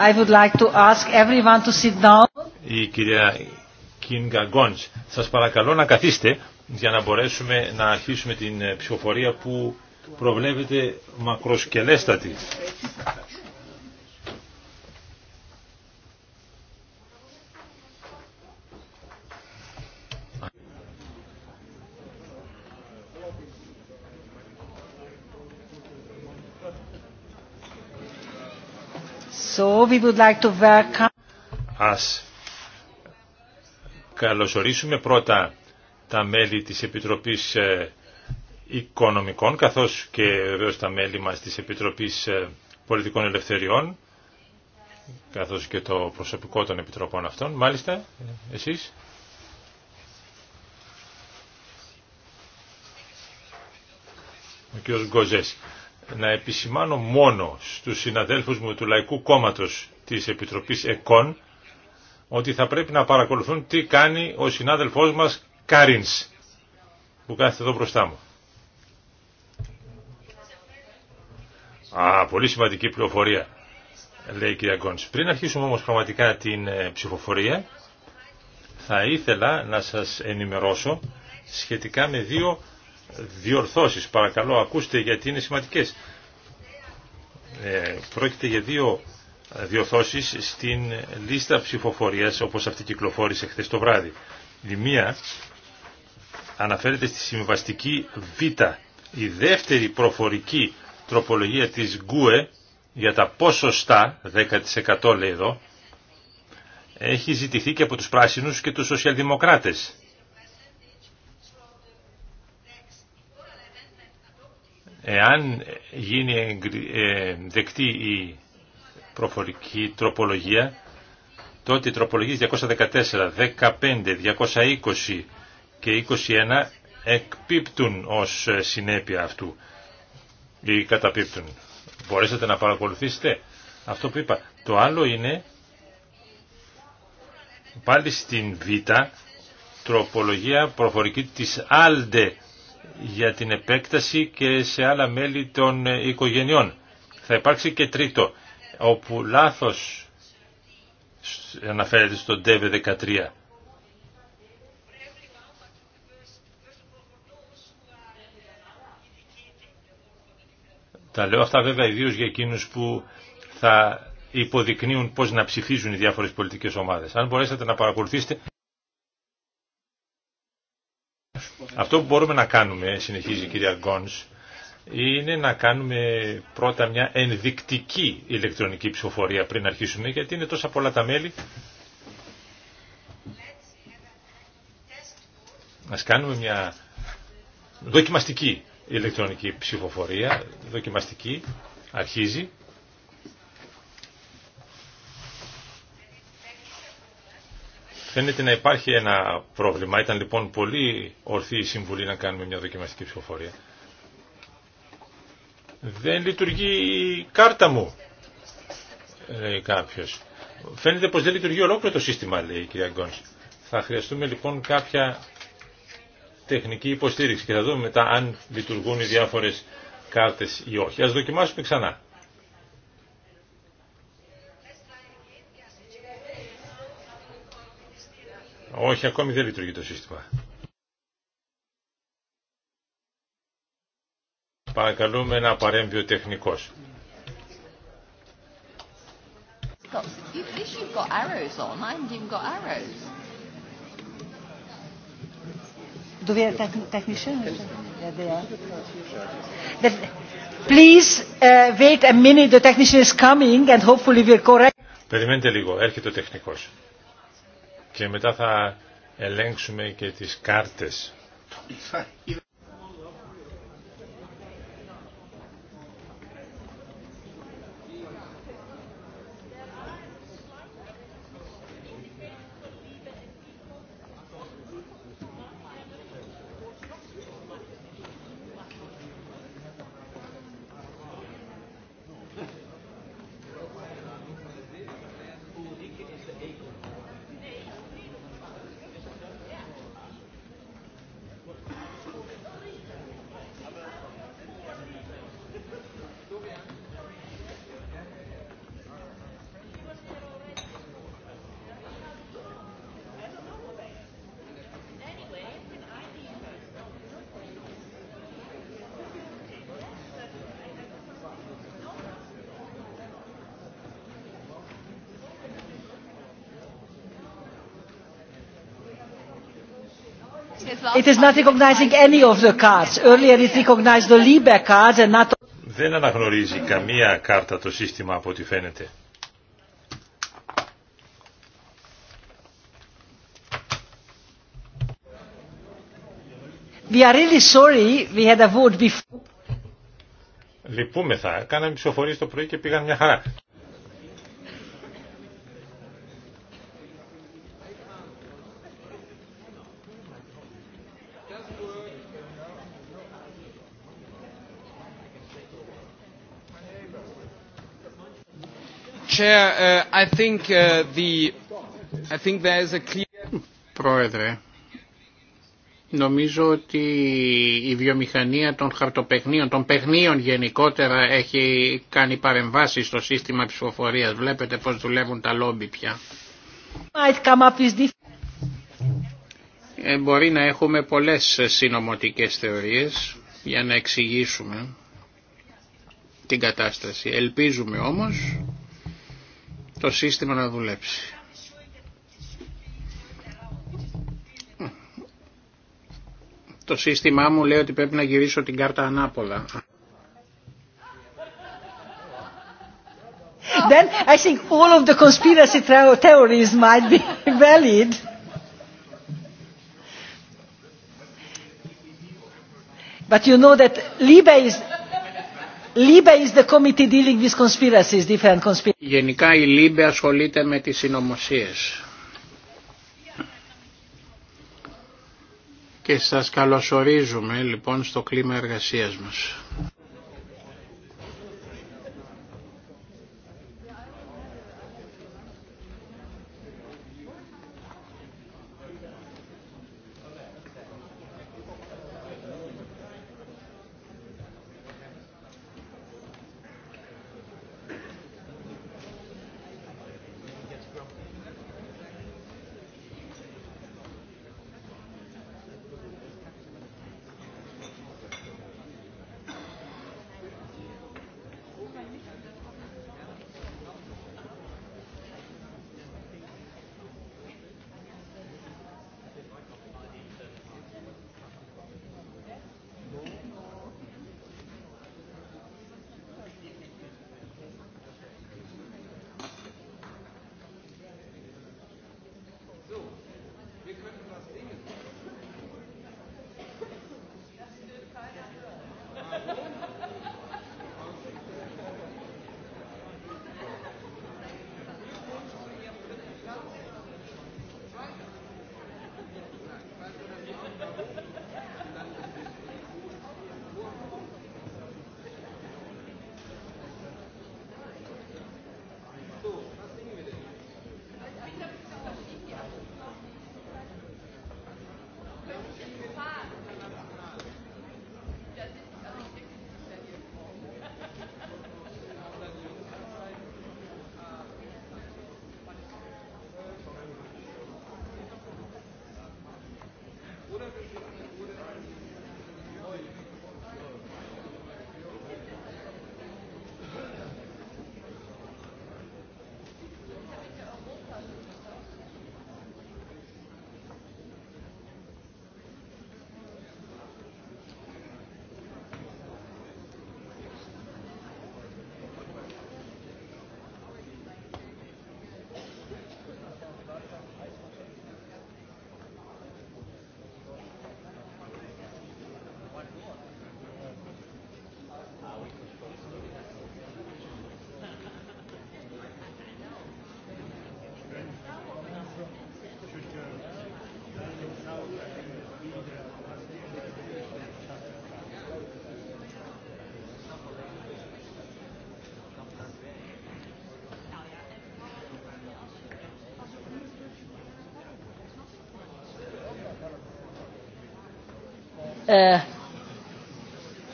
I would like to ask everyone to sit down. Η κυρία Κίνγκα Γκόντς, σας παρακαλώ να καθίστε για να μπορέσουμε να αρχίσουμε την ψηφοφορία που προβλέπεται μακροσκελέστατη. we would like Ας καλωσορίσουμε πρώτα τα μέλη της Επιτροπής ε, Οικονομικών καθώς και βεβαίως τα μέλη μας της Επιτροπής ε, Πολιτικών Ελευθεριών καθώς και το προσωπικό των επιτροπών αυτών. Μάλιστα, εσείς. Ο κ. Γκοζές να επισημάνω μόνο στους συναδέλφους μου του Λαϊκού Κόμματος της Επιτροπής ΕΚΟΝ ότι θα πρέπει να παρακολουθούν τι κάνει ο συνάδελφός μας Κάρινς που κάθεται εδώ μπροστά μου. Α, πολύ σημαντική πληροφορία, λέει η κυρία Γκόντς. Πριν αρχίσουμε όμως πραγματικά την ε, ψηφοφορία, θα ήθελα να σας ενημερώσω σχετικά με δύο διορθώσεις. Παρακαλώ ακούστε γιατί είναι σημαντικές. Ε, πρόκειται για δύο διορθώσεις στην λίστα ψηφοφορίας όπως αυτή κυκλοφόρησε χθε το βράδυ. Η μία αναφέρεται στη συμβαστική Β. Η δεύτερη προφορική τροπολογία της ΓΚΟΕ για τα ποσοστά, 10% λέει εδώ, έχει ζητηθεί και από τους πράσινους και τους σοσιαλδημοκράτες. Εάν γίνει ε, δεκτή η προφορική τροπολογία, τότε οι τροπολογίες 214, 15, 220 και 21 εκπίπτουν ως συνέπεια αυτού ή καταπίπτουν. Μπορέσατε να παρακολουθήσετε αυτό που είπα. Το άλλο είναι πάλι στην Β τροπολογία προφορική της Άλντε για την επέκταση και σε άλλα μέλη των οικογενειών. Θα υπάρξει και τρίτο, όπου λάθος αναφέρεται στο ΤΕΒΕ 13. Τα λέω αυτά βέβαια ιδίως για εκείνους που θα υποδεικνύουν πώς να ψηφίζουν οι διάφορες πολιτικές ομάδες. Αν μπορέσατε να παρακολουθήσετε... Αυτό που μπορούμε να κάνουμε, συνεχίζει η κυρία Γκόνς, είναι να κάνουμε πρώτα μια ενδεικτική ηλεκτρονική ψηφοφορία πριν αρχίσουμε, γιατί είναι τόσα πολλά τα μέλη. Ας κάνουμε μια δοκιμαστική ηλεκτρονική ψηφοφορία, δοκιμαστική, αρχίζει. Φαίνεται να υπάρχει ένα πρόβλημα. Ήταν λοιπόν πολύ ορθή η συμβουλή να κάνουμε μια δοκιμαστική ψηφοφορία. Δεν λειτουργεί η κάρτα μου, λέει κάποιο. Φαίνεται πως δεν λειτουργεί ολόκληρο το σύστημα, λέει η κυρία Γκόνς. Θα χρειαστούμε λοιπόν κάποια τεχνική υποστήριξη και θα δούμε μετά αν λειτουργούν οι διάφορες κάρτες ή όχι. Ας δοκιμάσουμε ξανά. όχι ακόμη δεν είναι το σύστημα παρακαλούμε να παρέμβει ο τεχνικός. Please you've got arrows on. I haven't even got arrows. Do we Please wait a minute. The technician is coming and hopefully we're correct. Περιμένετε λίγο. Έρχεται ο τεχνικός. Και μετά θα ελέγξουμε και τις κάρτες. It is not recognizing any of the cards. Earlier it recognized the Libra cards and not. Δεν αναγνωρίζει καμία κάρτα το σύστημα από τι φαίνεται. We are really sorry we had a vote before. Λυπούμεθα. Κάναμε ψηφοφορίες το πρωί και πήγαν μια χαρά. Πρόεδρε, νομίζω ότι η βιομηχανία των χαρτοπαιχνίων, των παιχνίων γενικότερα έχει κάνει παρεμβάσει στο σύστημα ψηφοφορίας. Βλέπετε πώς δουλεύουν τα λόμπι πια. Ε, μπορεί να έχουμε πολλές συνομωτικές θεωρίες για να εξηγήσουμε την κατάσταση. Ελπίζουμε όμως το σύστημα να δουλέψει. Το σύστημά μου λέει ότι πρέπει να γυρίσω την κάρτα ανάποδα. Then I think all of the conspiracy theories might be valid. But you know that Libe is is the committee dealing with conspiracies, different conspiracies. Γενικά η Λίμπε ασχολείται με τις συνωμοσίες. Και σας καλωσορίζουμε λοιπόν στο κλίμα εργασίας μας.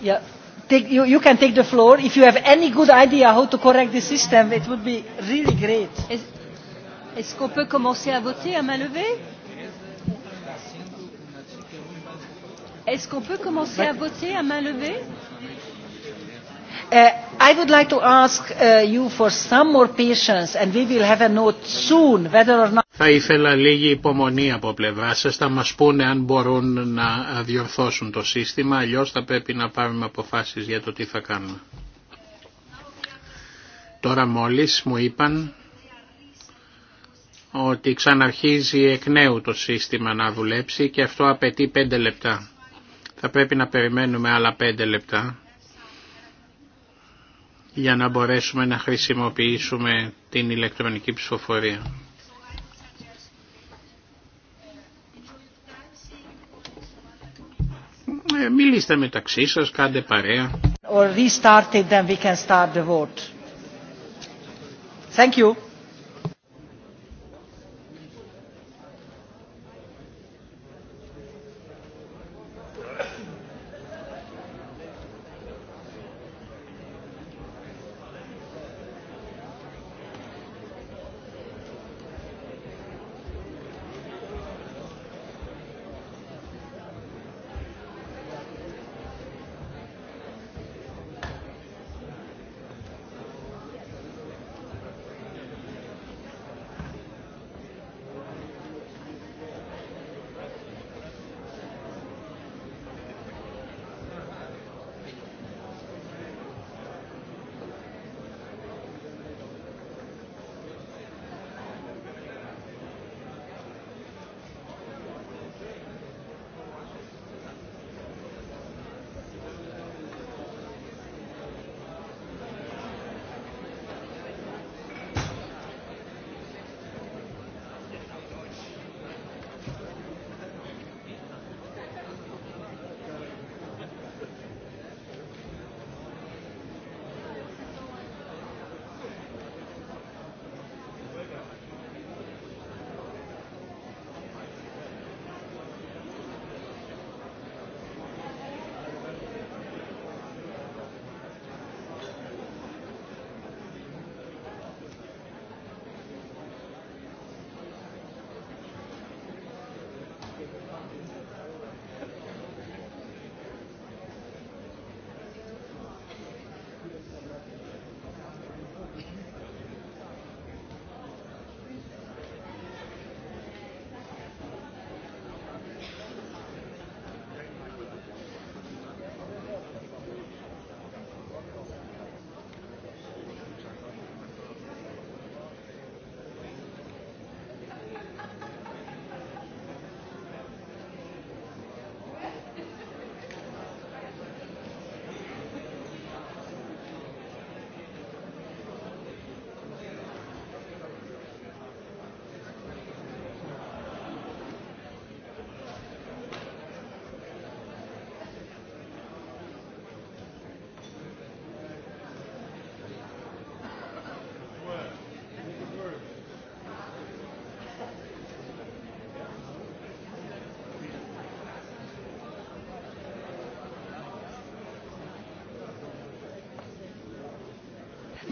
yeah, you, can take the floor. If you have any good idea how to correct the system, it would be really great. Est-ce qu'on peut commencer à voter à main levée Est-ce qu'on peut commencer à voter à main levée I would like to ask you for some more patience and we will have a note soon whether or not θα ήθελα λίγη υπομονή από πλευρά σας, θα μας πούνε αν μπορούν να διορθώσουν το σύστημα, αλλιώς θα πρέπει να πάρουμε αποφάσεις για το τι θα κάνουμε. Τώρα μόλις μου είπαν ότι ξαναρχίζει εκ νέου το σύστημα να δουλέψει και αυτό απαιτεί πέντε λεπτά. Θα πρέπει να περιμένουμε άλλα πέντε λεπτά για να μπορέσουμε να χρησιμοποιήσουμε την ηλεκτρονική ψηφοφορία. μιλήστε μεταξύ σας, κάντε παρέα. Or restart it, then we can start the vote. Thank you.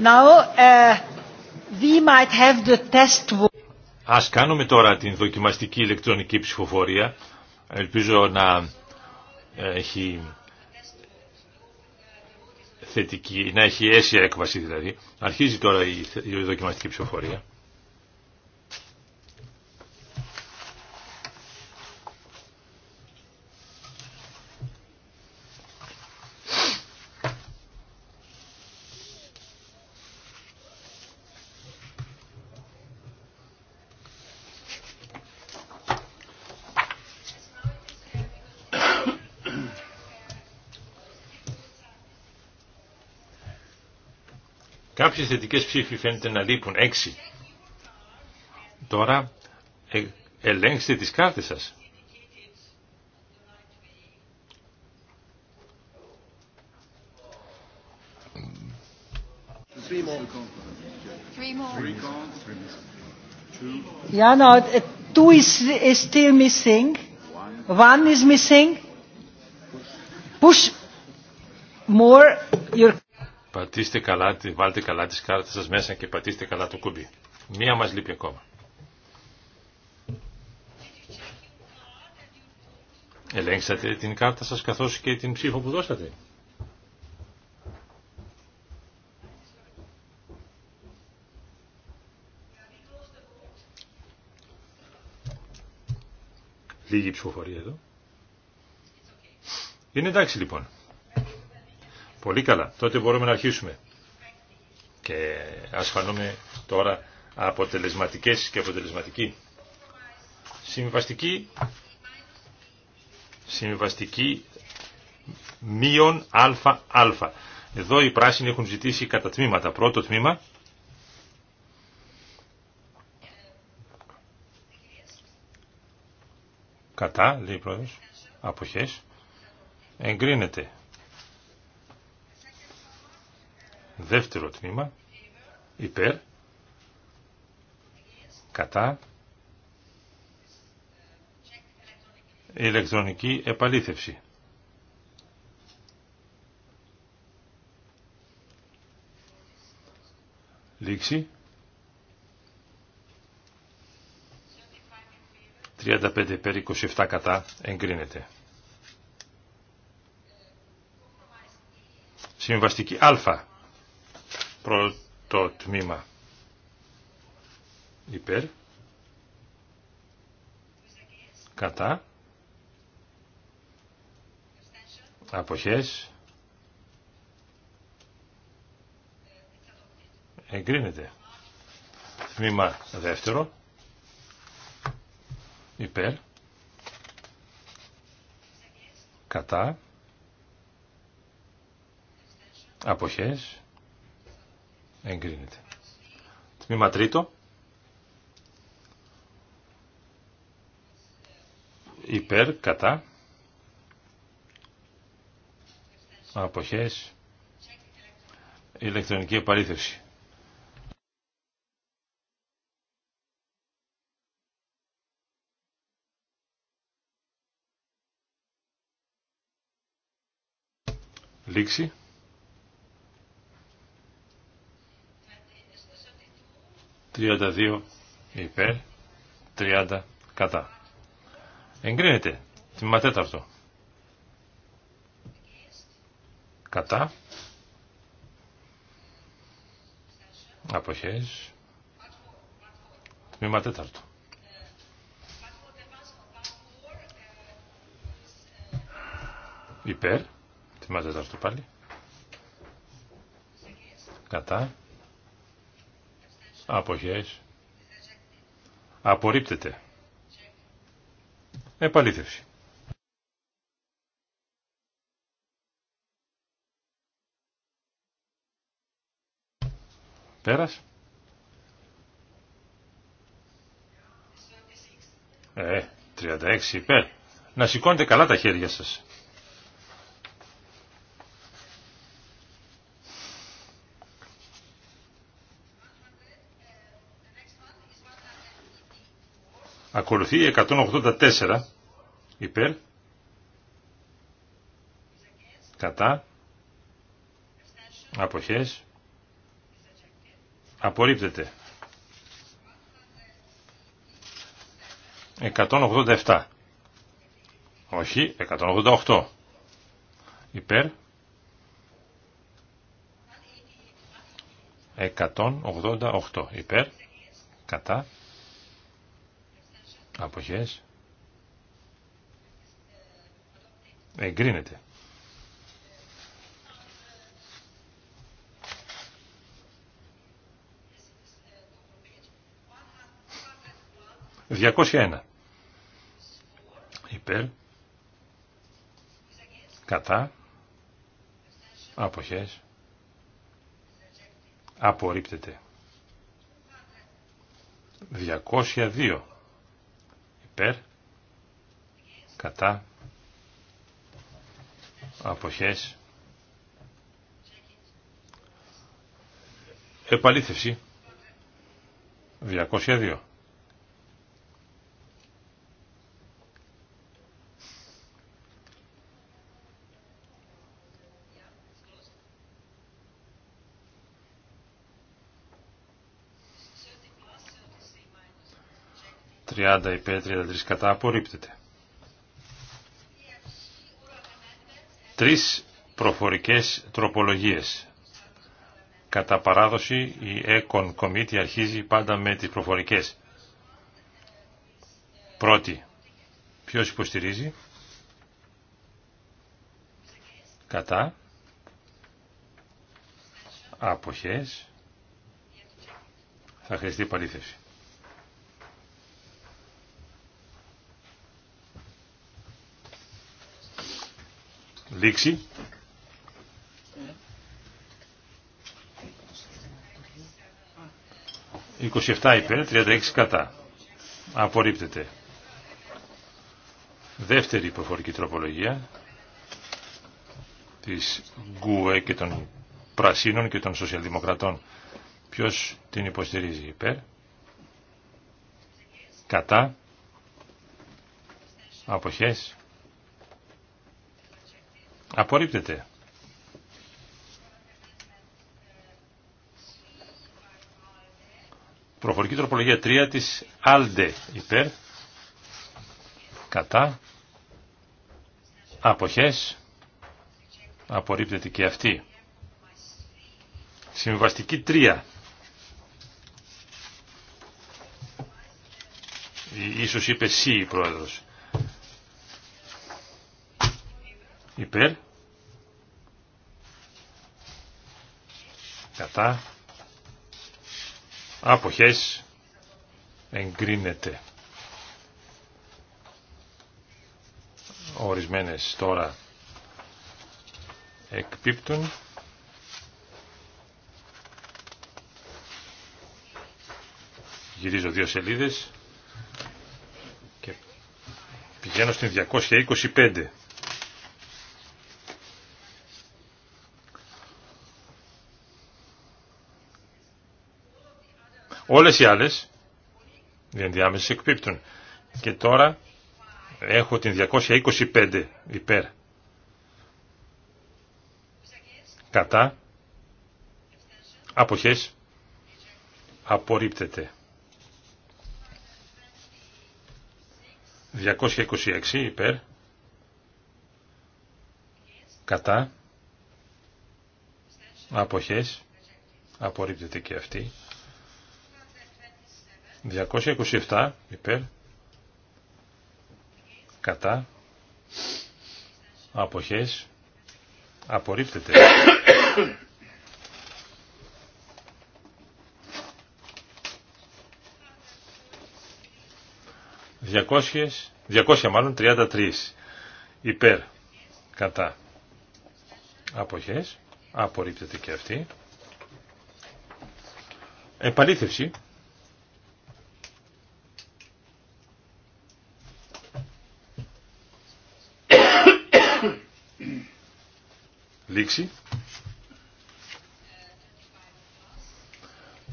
Now, uh, Ας κάνουμε τώρα την δοκιμαστική ηλεκτρονική ψηφοφορία. Ελπίζω να ε, έχει θετική, να έχει αίσια έκβαση δηλαδή. Αρχίζει τώρα η δοκιμαστική ψηφοφορία. Κάποιες θετικές ψήφοι φαίνεται να λείπουν. Έξι. Τώρα ε, ελέγξτε τις κάρτες σας. Yeah, no, eh, two is, is still missing. One is missing. Push more your Πατήστε καλά, βάλτε καλά τις κάρτες σας μέσα και πατήστε καλά το κουμπί. Μία μας λείπει ακόμα. Ελέγξατε την κάρτα σας καθώς και την ψήφο που δώσατε. Λίγη ψηφοφορία εδώ. Είναι εντάξει λοιπόν. Πολύ καλά. Τότε μπορούμε να αρχίσουμε. Και ας τώρα αποτελεσματικές και αποτελεσματικοί. Συμβαστική, συμβαστική μείον αλφα. Εδώ οι πράσινοι έχουν ζητήσει κατά τμήματα. Πρώτο τμήμα. Κατά, λέει η πρόεδρος. Αποχές. Εγκρίνεται. Δεύτερο τμήμα. Υπέρ. Κατά. Ηλεκτρονική επαλήθευση. Λήξη. 35 υπέρ 27 κατά εγκρίνεται. Συμβαστική Α Πρώτο τμήμα υπέρ, κατά, αποχές, εγκρίνεται. Τμήμα δεύτερο, υπέρ, κατά, αποχές, Εγκρίνεται. Τμήμα τρίτο. Υπέρ, κατά. Αποχές. Ηλεκτρονική επαλήθευση. Λήξη. 32 υπέρ, 30 κατά. Εγκρίνεται. Τμήμα τέταρτο. Κατά. Αποχές. Τμήμα τέταρτο. Υπέρ. Τμήμα τέταρτο πάλι. Κατά. Αποχές. Απορρίπτεται. Επαλήθευση. Πέρας. Ε, 36 υπέρ. Να σηκώνετε καλά τα χέρια σας. Ακολουθεί 184 υπέρ, κατά, αποχές, απορρίπτεται. 187. Όχι, 188. Υπέρ. 188. Υπέρ. Κατά. Αποχές. Εγκρίνεται. Διακόσια ένα. Υπέρ. Κατά. Αποχές. Απορρίπτεται. δύο υπέρ, κατά, αποχές, επαλήθευση, 202. 30 υπέρ 33 κατά απορρίπτεται. Τρεις προφορικές τροπολογίες. Κατά παράδοση η Econ Committee αρχίζει πάντα με τις προφορικές. Πρώτη. Ποιος υποστηρίζει. Κατά. Αποχές. Θα χρειαστεί παρήθευση. Λήξη ...27 υπέρ, 36 κατά. Απορρίπτεται. Δεύτερη προφορική τροπολογία... ...της ΓΚΟΕ και των Πρασίνων και των Σοσιαλδημοκρατών. Ποιος την υποστηρίζει υπέρ. Κατά. Αποχές. Απορρίπτεται. Προφορική τροπολογία 3 της Άλντε υπέρ. Κατά. Αποχές. Απορρίπτεται και αυτή. Συμβαστική 3. Ίσως είπε C η πρόεδρος. υπέρ κατά αποχές εγκρίνεται ορισμένες τώρα εκπίπτουν γυρίζω δύο σελίδες και πηγαίνω στην 225 Όλες οι άλλες οι εκπίπτουν. Και τώρα έχω την 225 υπέρ. Κατά. Αποχές. Απορρίπτεται. 226 υπέρ. Κατά. Αποχές. Απορρίπτεται και αυτή. 227 υπέρ κατά αποχές απορρίπτεται. Διακόσιες, 200 μάλλον 33 υπέρ κατά αποχές απορρίπτεται και αυτή επαλήθευση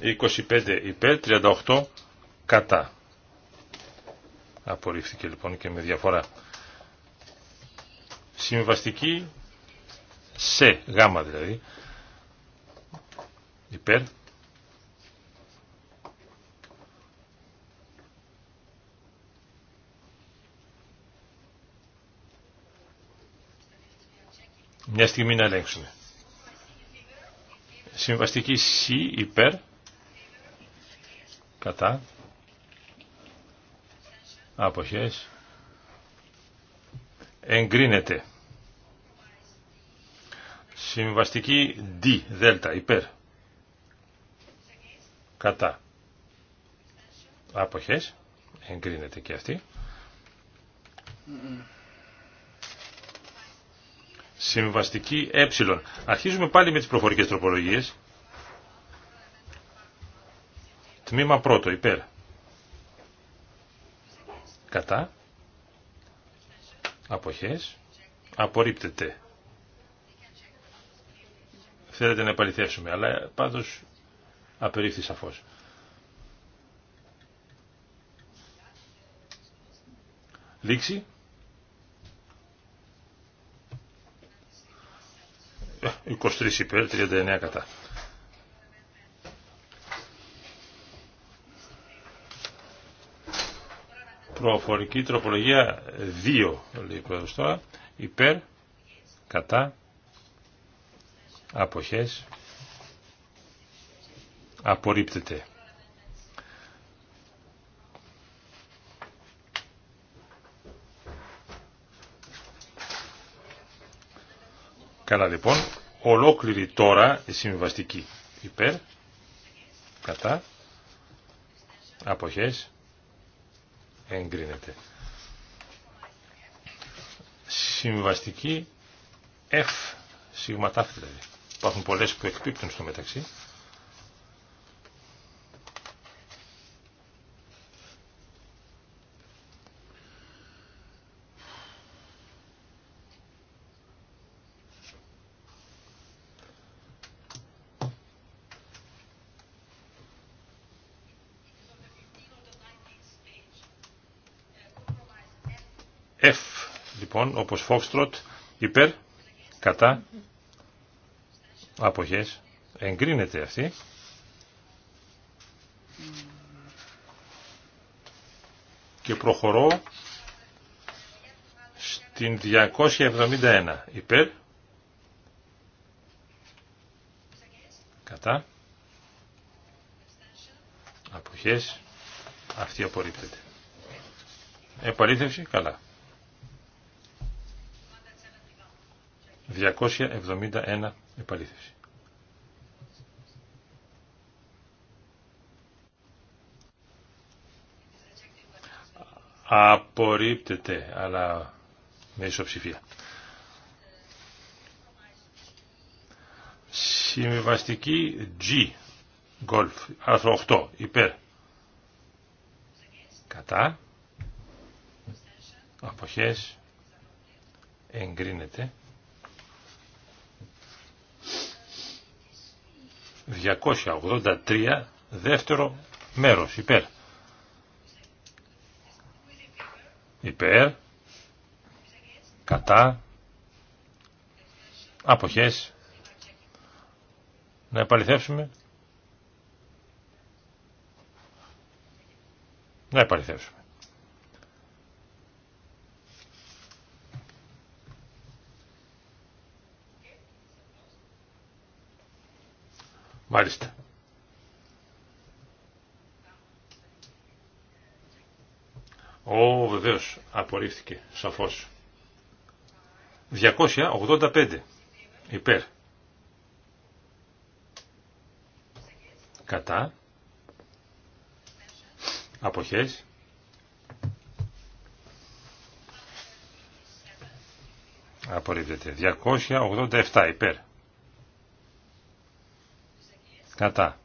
25 υπέρ, 38 κατά. Απορρίφθηκε λοιπόν και με διαφορά. Συμβαστική σε γάμα δηλαδή. Υπέρ, Μια στιγμή να ελέγξουμε. Συμβαστική C υπέρ. Κατά. Αποχές. Εγκρίνεται. Συμβαστική D, δέλτα, υπέρ. Κατά. Αποχές. Εγκρίνεται και αυτή. Συμβαστική ε. Αρχίζουμε πάλι με τις προφορικές τροπολογίες. Τμήμα πρώτο, υπέρ. Κατά. Αποχές. Απορρίπτεται. Θέλετε να επαληθεύσουμε, αλλά πάντως απερίφθη σαφώς. Λήξη. 23 υπέρ, 39 κατά. Προφορική τροπολογία 2, λέει ο τώρα, υπέρ, κατά, αποχές, απορρίπτεται. Καλά λοιπόν, ολόκληρη τώρα η συμβιβαστική υπέρ, κατά, αποχές, εγκρίνεται. Συμβιβαστική F, σιγματάφη δηλαδή. Υπάρχουν πολλές που εκπίπτουν στο μεταξύ. όπως Φόξτροτ, υπέρ, κατά, αποχές, εγκρίνεται αυτή. Και προχωρώ στην 271, υπέρ, κατά, αποχές, αυτή απορρίπτεται. Επαλήθευση, καλά. 271 επαλήθευση. Απορρίπτεται, αλλά με ισοψηφία. Συμβαστική G, Golf, άρθρο 8, υπέρ. Κατά. Αποχές. Εγκρίνεται. 283 δεύτερο μέρος υπέρ υπέρ κατά αποχές να επαληθεύσουμε να επαληθεύσουμε Μάλιστα. Ω, βεβαίως, απορρίφθηκε, σαφώς. 285, υπέρ. Κατά. Αποχές. Απορρίπτεται. 287, υπέρ. Κατά.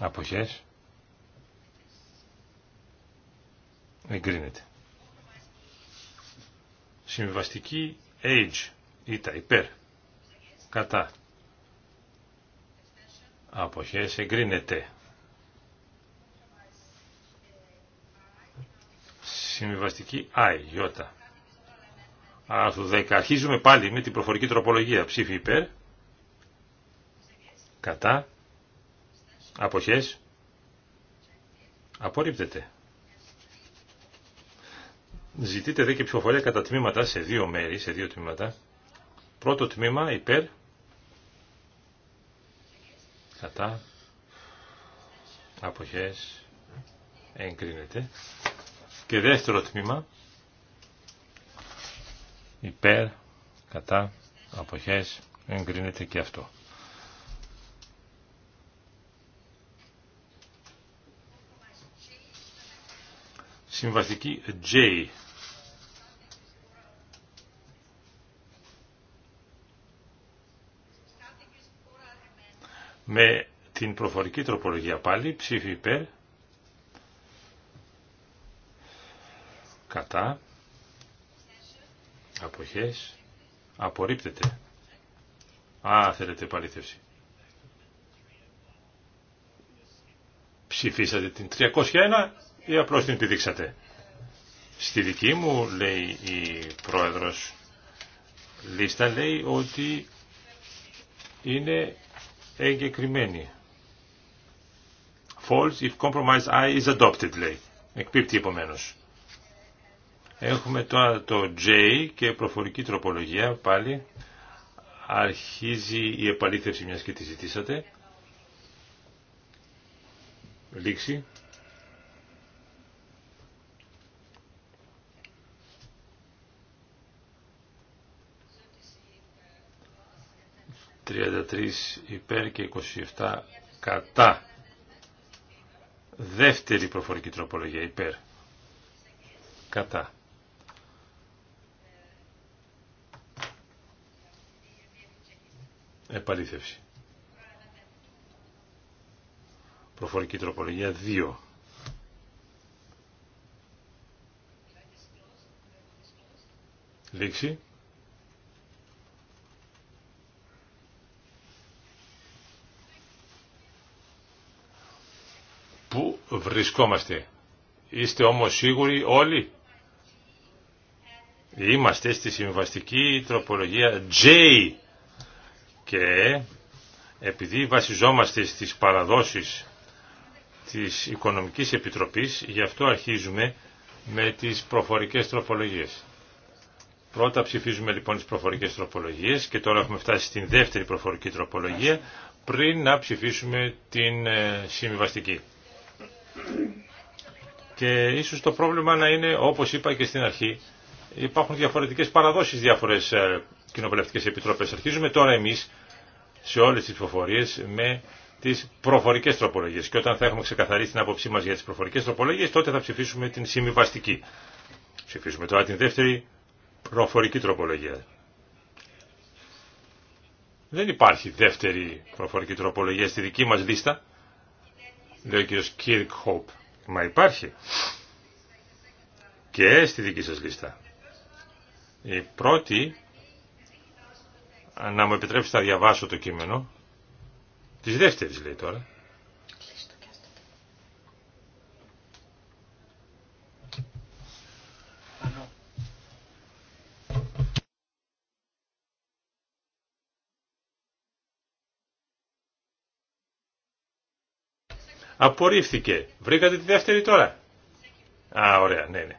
Αποχές. Εγκρίνεται. Συμβιβαστική age. Ήτα υπέρ. Κατά. Αποχές εγκρίνεται. Συμβιβαστική I. Ιώτα. Άρθρο 10. Αρχίζουμε πάλι με την προφορική τροπολογία. Ψήφι υπέρ. Κατά. Αποχές. Απορρίπτεται. Ζητείτε δε και ψηφοφορία κατά τμήματα σε δύο μέρη, σε δύο τμήματα. Πρώτο τμήμα υπέρ. Κατά. Αποχές. Εγκρίνεται. Και δεύτερο τμήμα υπέρ, κατά, αποχές, εγκρίνεται και αυτό. Συμβαστική J. Με την προφορική τροπολογία πάλι, ψήφι υπέρ, Και Απορρίπτεται. Α, θέλετε επαλήθευση. Ψηφίσατε την 301 ή απλώς την επιδείξατε. Στη δική μου, λέει η πρόεδρος λίστα, λέει ότι είναι εγκεκριμένη. False if compromise I is adopted, λέει. Εκπίπτει επομένως. Έχουμε τώρα το J και προφορική τροπολογία πάλι. Αρχίζει η επαλήθευση μιας και τη ζητήσατε. Λήξη. 33 υπέρ και 27 κατά. Δεύτερη προφορική τροπολογία υπέρ. Κατά. Επαλήθευση. Προφορική τροπολογία 2. Λήξη. Πού βρισκόμαστε. Είστε όμως σίγουροι όλοι. Είμαστε στη συμβαστική τροπολογία J. Και επειδή βασιζόμαστε στις παραδόσεις της Οικονομικής Επιτροπής, γι' αυτό αρχίζουμε με τις προφορικές τροπολογίες. Πρώτα ψηφίζουμε λοιπόν τις προφορικές τροπολογίες και τώρα έχουμε φτάσει στην δεύτερη προφορική τροπολογία πριν να ψηφίσουμε την ε, συμβιβαστική. Και ίσως το πρόβλημα να είναι, όπως είπα και στην αρχή, υπάρχουν διαφορετικές παραδόσεις διάφορες ε, κοινοβουλευτικέ επιτροπέ. Αρχίζουμε τώρα εμεί σε όλε τι ψηφοφορίε με τι προφορικέ τροπολογίε. Και όταν θα έχουμε ξεκαθαρίσει την άποψή μα για τι προφορικέ τροπολογίε, τότε θα ψηφίσουμε την συμβιβαστική. Ψηφίσουμε τώρα την δεύτερη προφορική τροπολογία. Δεν υπάρχει δεύτερη προφορική τροπολογία στη δική μας λίστα, λέει ο κ. Κίρκ Χόπ. Μα υπάρχει και στη δική σας λίστα. Η πρώτη να μου επιτρέψετε να διαβάσω το κείμενο. Τη δεύτερη λέει τώρα. Απορρίφθηκε. Βρήκατε τη δεύτερη τώρα. Α, ωραία, ναι, ναι.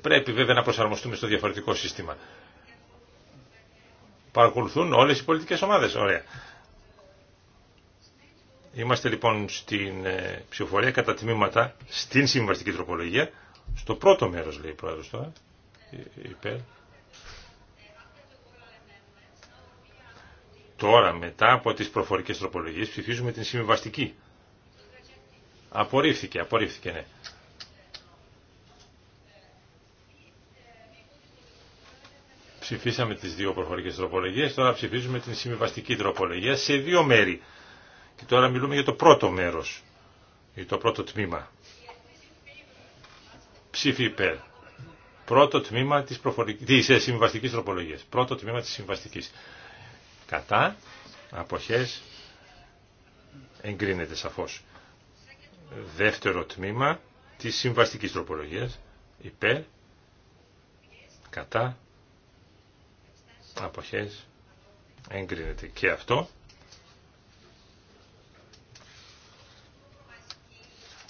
Πρέπει βέβαια να προσαρμοστούμε στο διαφορετικό σύστημα. Παρακολουθούν όλες οι πολιτικές ομάδες. Ωραία. Είμαστε λοιπόν στην ε, ψηφοφορία κατά τμήματα στην συμβαστική τροπολογία. Στο πρώτο μέρος λέει η πρόεδρος τώρα. Ε, υπέρ. Τώρα μετά από τις προφορικές τροπολογίες ψηφίζουμε την συμβαστική. Απορρίφθηκε, απορρίφθηκε ναι. Ψηφίσαμε τις δύο προφορικές τροπολογίες, τώρα ψηφίζουμε την συμβιβαστική τροπολογία σε δύο μέρη. Και τώρα μιλούμε για το πρώτο μέρος, για το πρώτο τμήμα. Ψήφι υπέρ. Πρώτο τμήμα της, προφορικής, της ε, τροπολογίας. Πρώτο τμήμα της συμβαστικής. Κατά, αποχές, εγκρίνεται σαφώς. Δεύτερο τμήμα της συμβαστικής τροπολογίας. Υπέρ, κατά, αποχές εγκρίνεται και αυτό.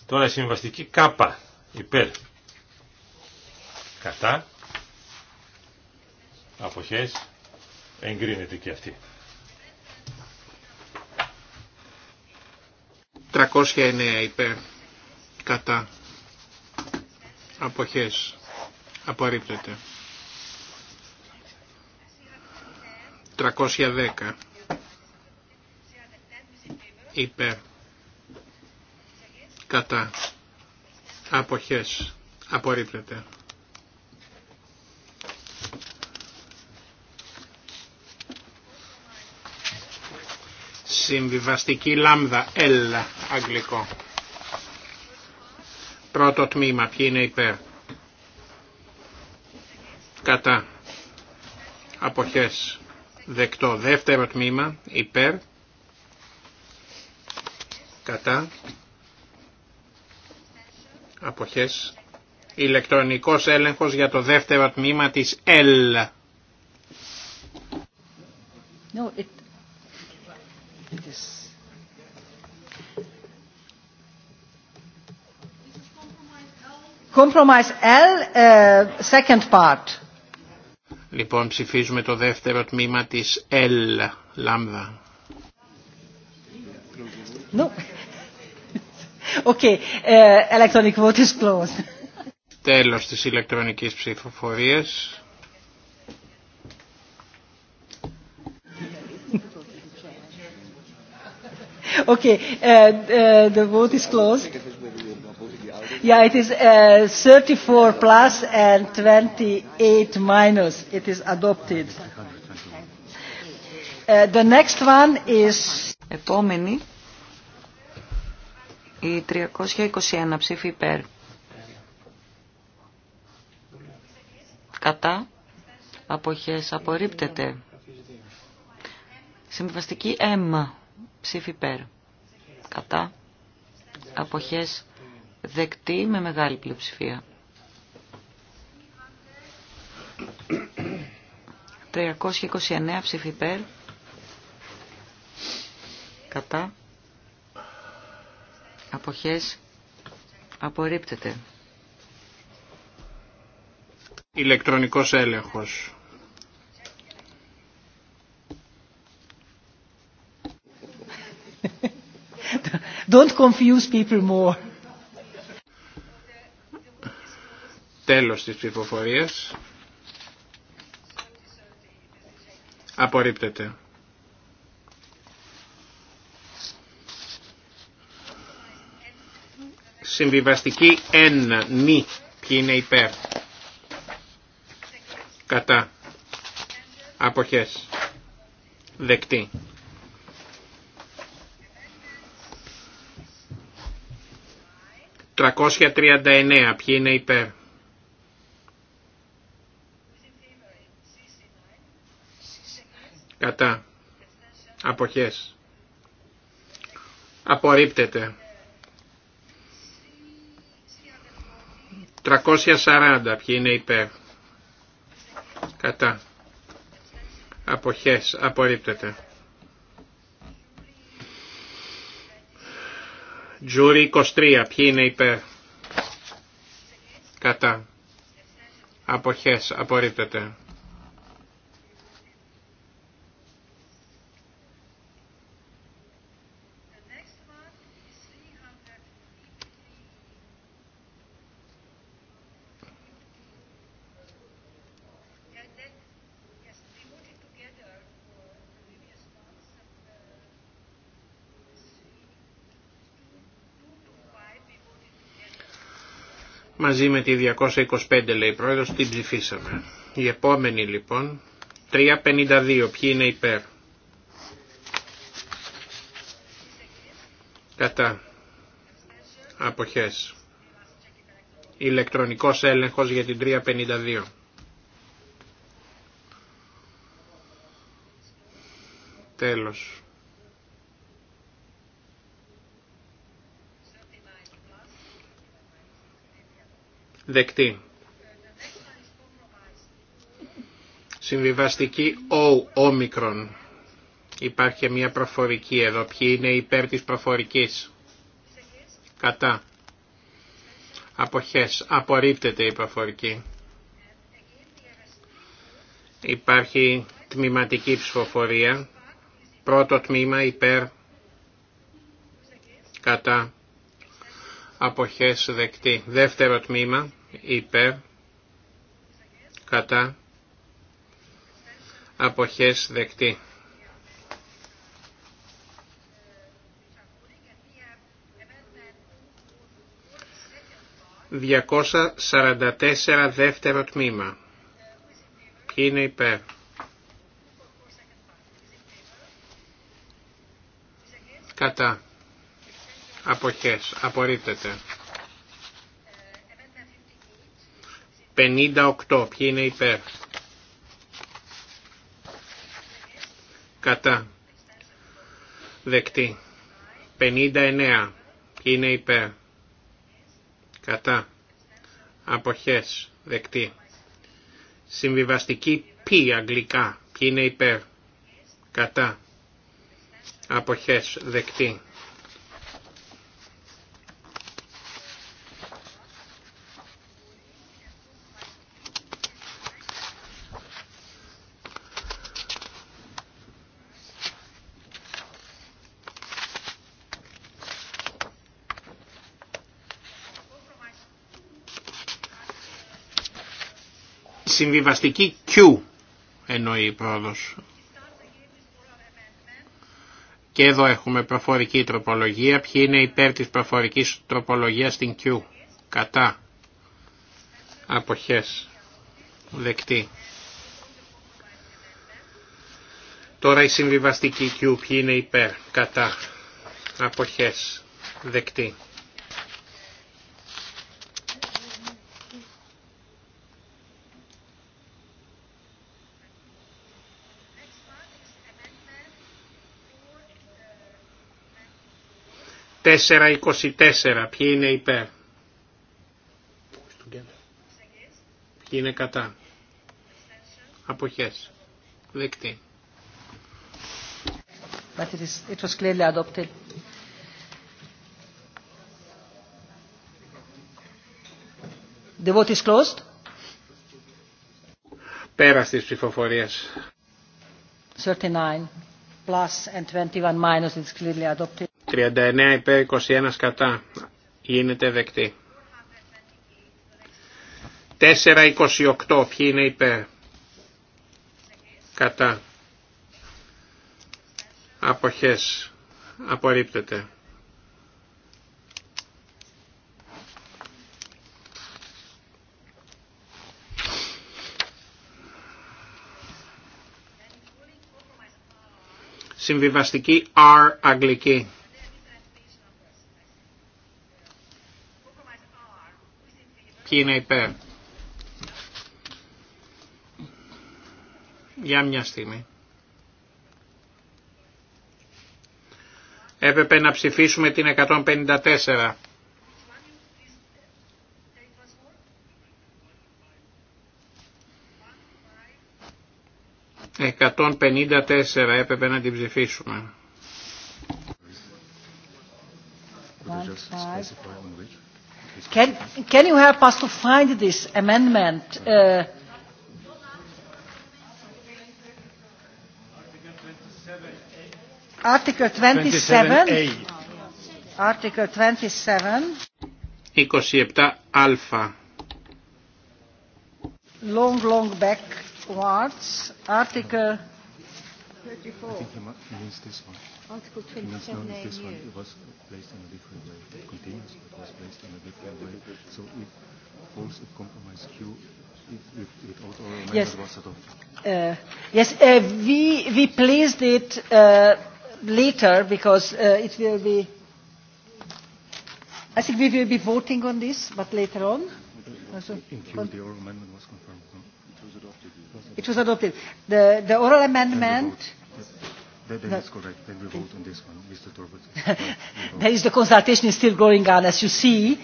Τώρα συμβαστική κάπα υπέρ κατά αποχές εγκρίνεται και αυτή. 309 υπέρ κατά αποχές απορρίπτεται. 310 υπέρ κατά αποχές απορρίπτεται. Συμβιβαστική λάμδα, έλα, αγγλικό. Πρώτο τμήμα, ποιοι είναι υπέρ. Κατά. Αποχές δεκτό δεύτερο τμήμα υπέρ κατά αποχές ηλεκτρονικός έλεγχος για το δεύτερο τμήμα της L. No, it, it Compromise L, uh, second part. Λοιπόν ψηφίζουμε το δεύτερο τμήμα της L, λάμδα. No. Okay. Uh, electronic vote is closed. Τέλος της ηλεκτρονικής ψηφοφορίας. Okay, uh, uh, the vote is closed. Yeah, it is 34 uh, plus and 28 minus. It is adopted. Uh, the next one is... Επόμενη, η 321 ψήφι υπέρ. Κατά, αποχές, απορρίπτεται. Συμβαστική M, ψήφι υπέρ. Κατά, αποχές, δεκτή με μεγάλη πλειοψηφία. 329 ψήφι Κατά. Αποχές. Απορρίπτεται. Ηλεκτρονικός έλεγχος. Don't confuse people more. Τέλος της ψηφοφορίας. Απορρίπτεται. Συμβιβαστική 1. νη. Ποιοι είναι υπέρ. Κατά. Αποχές. Δεκτή. 339. τριάντα Ποιοι είναι υπέρ. κατά αποχές απορρίπτεται 340 ποιοι είναι υπέρ κατά αποχές απορρίπτεται Τζούρι 23 ποιοι είναι υπέρ κατά αποχές απορρίπτεται μαζί με τη 225 λέει πρόεδρος, την ψηφίσαμε. Η επόμενη λοιπόν, 352, ποιοι είναι υπέρ. Κατά. Αποχές. Ηλεκτρονικός έλεγχος για την 352. Τέλος. Δεκτή. Συμβιβαστική ο όμικρον. Υπάρχει μια προφορική εδώ. Ποιοι είναι υπέρ της προφορικής. Κατά. Αποχές. Απορρίπτεται η προφορική. Υπάρχει τμηματική ψηφοφορία. Πρώτο τμήμα υπέρ. Κατά αποχές δεκτή. Δεύτερο τμήμα υπέρ κατά αποχές δεκτή. 244 δεύτερο τμήμα. Ποιοι είναι υπέρ. Κατά αποχές απορρίπτεται 58 ποιοι είναι υπέρ κατά δεκτή 59 ποιοι είναι υπέρ κατά αποχές δεκτή συμβιβαστική π αγγλικά ποιοι είναι υπέρ κατά αποχές δεκτή συμβιβαστική Q εννοεί η πρόοδος. Και εδώ έχουμε προφορική τροπολογία. Ποιοι είναι υπέρ της προφορικής τροπολογίας στην Q. Κατά. Αποχές. Δεκτή. Τώρα η συμβιβαστική Q. Ποιοι είναι υπέρ. Κατά. Αποχές. Δεκτή. 4.24. Ποιοι είναι υπέρ. Ποιοι είναι κατά. Αποχές. Δεκτή. But it, is, it was clearly adopted. The vote is closed. Πέρας της ψηφοφορίας. 39 plus and 21 minus is clearly adopted. 39 υπέρ 21 κατά. Γίνεται δεκτή. 28. Ποιοι είναι υπέρ. Κατά. Αποχές. Απορρίπτεται. Συμβιβαστική R αγγλική. είναι υπέρ. Για μια στιγμή. Έπρεπε να ψηφίσουμε την 154. Εκατόν πενήντα τέσσερα έπρεπε να την ψηφίσουμε. Can, can you help us to find this amendment? Uh, Article 27. 27 Article 27. long Long, long backwards. Article 34. I think he means this one. Article 27 no, this one. It was placed in a different way. It continues, it was placed in a different way. So it falls a compromise Q. Yes, uh, yes uh, we, we placed it uh, later because uh, it will be, I think we will be voting on this, but later on. Also, the oral amendment was confirmed. It was adopted. It was adopted. The, the oral amendment. That is correct. Then we vote on this one, Mr. Torbert. there is the consultation is still going on, as you see,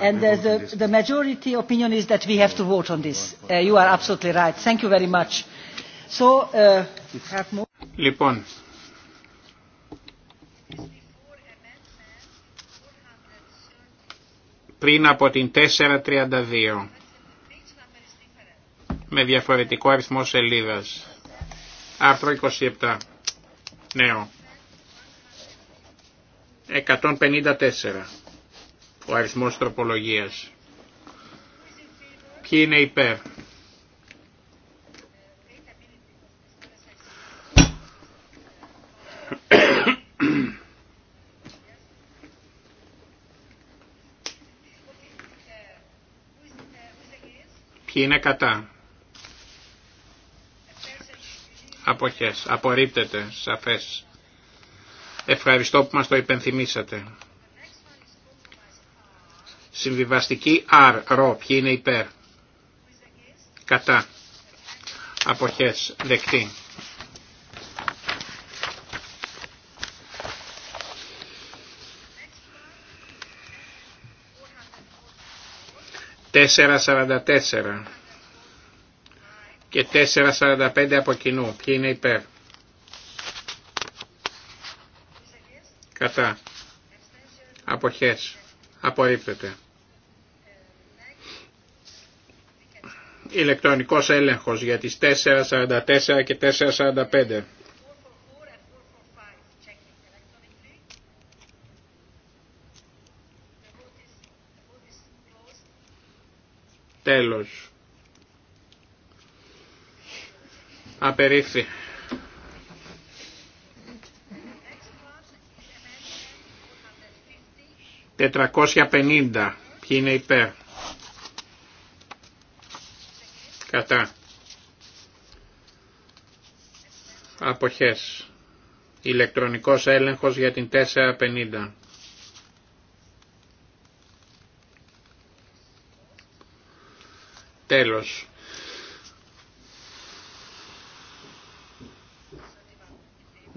and the, the majority opinion is that we have to vote on this. you are absolutely right. Thank you very much. So, uh, Lipon. πριν από την 432 με διαφορετικό αριθμό σελίδας. Άρθρο 27. Νέο. 154. Ο αριθμός τροπολογίας. Ποιοι είναι υπέρ. Ποιοι είναι κατά. Αποχές. Απορρίπτεται. Σαφές. Ευχαριστώ που μας το υπενθυμίσατε. Συμβιβαστική R. Ρο. Ποιοι είναι υπέρ. Κατά. Αποχές. Δεκτή. Τέσσερα και 4.45 από κοινού. Ποιοι είναι υπέρ. Κατά. Αποχές. Απορρίπτεται. Ηλεκτρονικός έλεγχος για τις 4.44 και 4.45. Τέλος. Απερίφθη. Τετρακόσια πενήντα. Ποιοι είναι υπέρ. Κατά. Αποχές. Ηλεκτρονικός έλεγχος για την 450. Τέλος.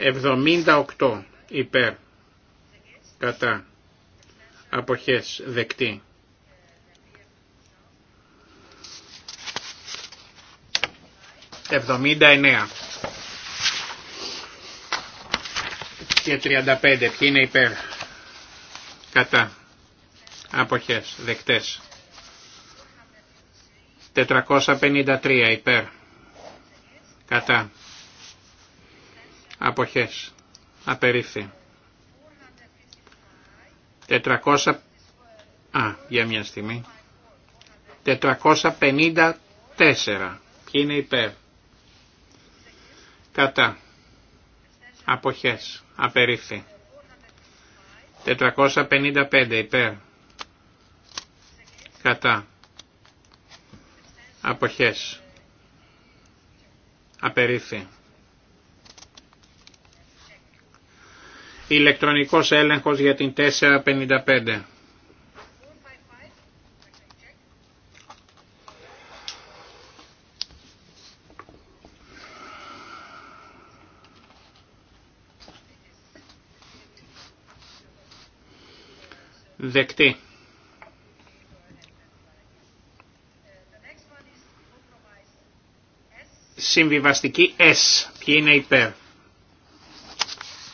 78 υπέρ κατά αποχές δεκτή. Εβδομήντα εννέα και 35 ποιοι είναι υπέρ κατά αποχές δεκτές 453 υπέρ κατά Αποχές. Απερίφθη. 400... Α, για μια στιγμή. 454. Ποιοι είναι υπέρ. Κατά. Αποχές. Απερίφθη. 455 υπέρ. Κατά. Αποχές. Απερίφθη. Ηλεκτρονικός έλεγχος για την 455. δεκτή. Συμβιβαστική S. Ποιοι είναι υπέρ.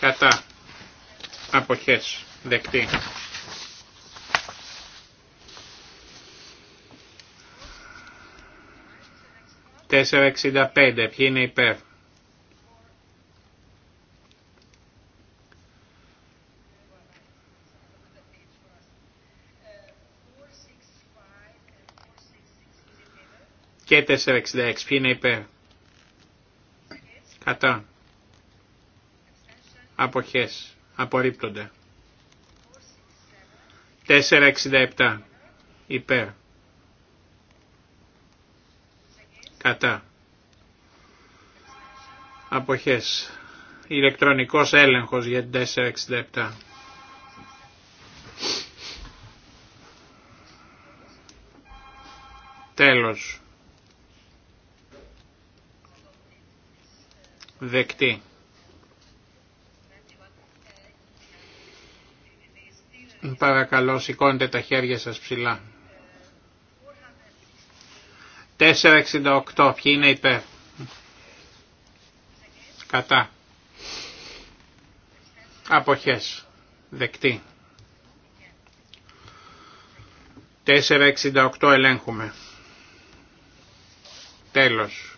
Κατά αποχές δεκτή. Τέσσερα εξήντα πέντε. Ποιοι είναι υπέρ. Και τέσσερα εξήντα έξι. Ποιοι είναι υπέρ. Κατά. Αποχές απορρίπτονται. 467 υπέρ. Κατά. Αποχές. Ηλεκτρονικός έλεγχος για την 467. Τέλος. Δεκτή. Παρακαλώ σηκώντε τα χέρια σας ψηλά. 468 ποιοι είναι υπέρ. Κατά. Αποχές. Δεκτή. 468 ελέγχουμε. Τέλος.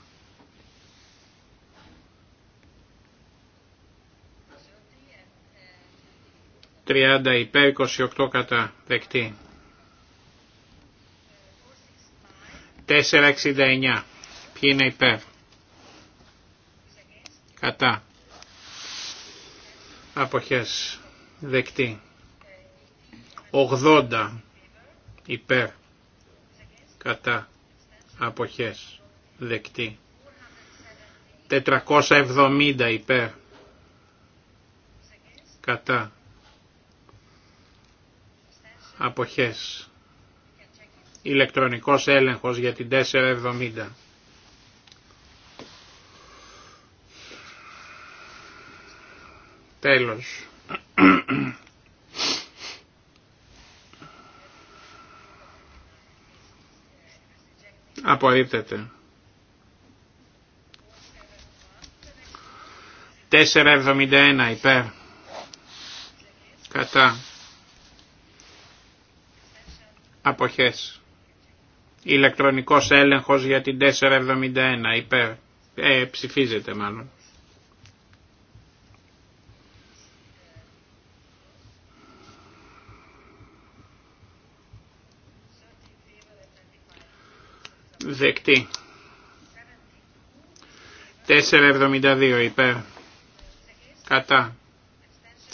30 υπέρ 28 κατά δεκτή. 469 ποιοι είναι υπέρ. Κατά. Αποχές δεκτή. 80 υπέρ. Κατά. Αποχές δεκτή. 470 υπέρ. Κατά αποχές. Ηλεκτρονικός έλεγχος για την 470. Τέλος. Απορρίπτεται. 471 υπέρ. Κατά αποχές. Ηλεκτρονικός έλεγχος για την 471 υπέρ, ε, ψηφίζεται μάλλον. Δεκτή. 472 υπέρ. Κατά.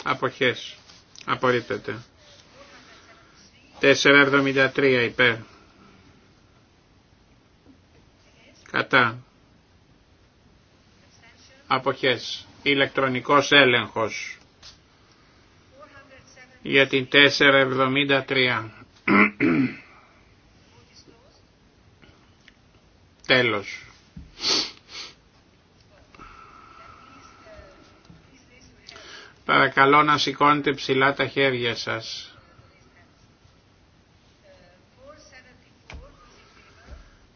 Αποχές. Απορρίπτεται. 473 υπέρ. Κατά. Αποχές. Ηλεκτρονικός έλεγχος. Για την 473. Τέλος. Παρακαλώ να σηκώνετε ψηλά τα χέρια σας.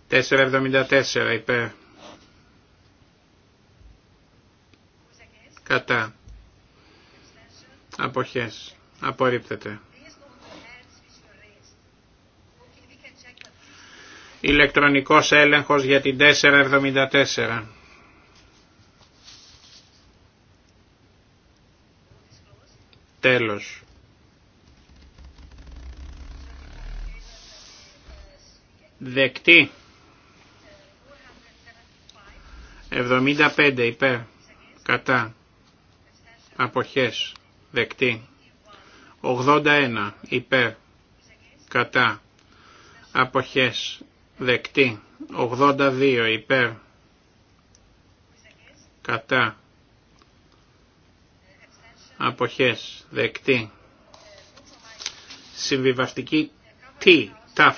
474 υπέρ. Κατά. Αποχές. Απορρίπτεται. Ηλεκτρονικός έλεγχος για την 474. Τέλος. Δεκτή. 75 υπέρ κατά αποχές δεκτή 81 υπέρ κατά αποχές δεκτή 82 υπέρ κατά αποχές δεκτή συμβιβαστική τι ταφ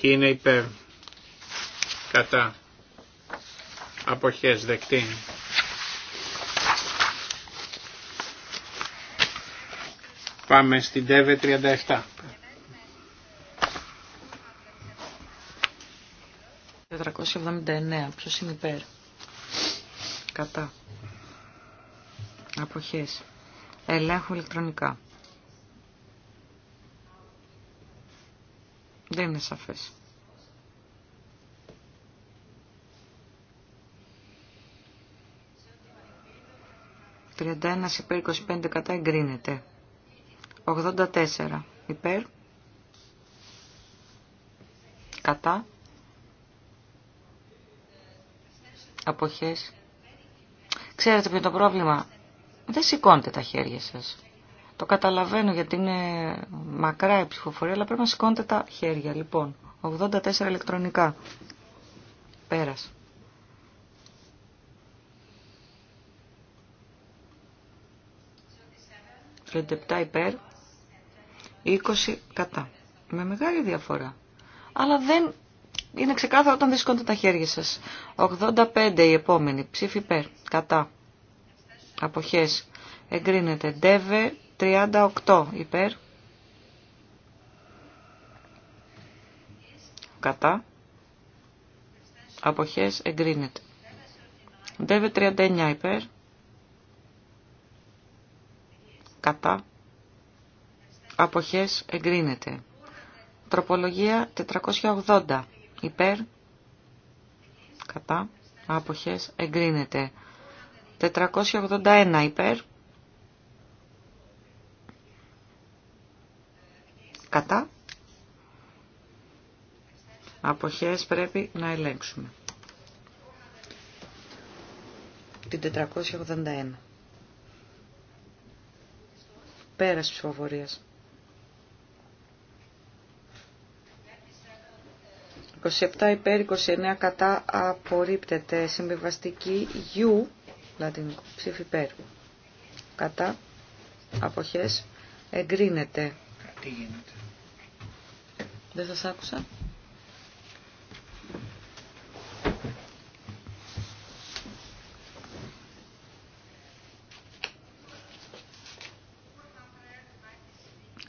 Ποιοι είναι υπέρ. Κατά. Αποχές δεκτή. Πάμε στην ΤΕΒΕ 37. 479. Ποιος είναι υπέρ. Κατά. Αποχές. Ελέγχω ηλεκτρονικά. Δεν είναι σαφές. «31 υπέρ 25 κατά εγκρίνεται». «84 υπέρ». «Κατά». «Αποχές». Ξέρετε ποιο είναι το πρόβλημα. Δεν σηκώνετε τα χέρια σας. Το καταλαβαίνω γιατί είναι μακρά η ψηφοφορία, αλλά πρέπει να σηκώνετε τα χέρια. Λοιπόν, 84 ηλεκτρονικά. Πέρας. ...37 υπέρ, 20 κατά. Με μεγάλη διαφορά. Αλλά δεν είναι ξεκάθαρο όταν δεν τα χέρια σας. 85 η επόμενη. Ψήφι υπέρ. Κατά. Αποχές. Εγκρίνεται. Ντεβε 38 υπέρ. Κατά. Αποχές εγκρίνεται. Δεύε 39 υπέρ. Κατά. Αποχές εγκρίνεται. Τροπολογία 480 υπέρ. Κατά. Αποχές εγκρίνεται. 481 υπέρ. Κατά. Αποχές πρέπει να ελέγξουμε. Την 481. Πέρας ψηφοφορίας. 27 υπέρ 29 κατά απορρίπτεται συμβιβαστική U, λατινικό ψήφι υπέρ. Κατά αποχές εγκρίνεται. Τι γίνεται. Δεν σας άκουσα.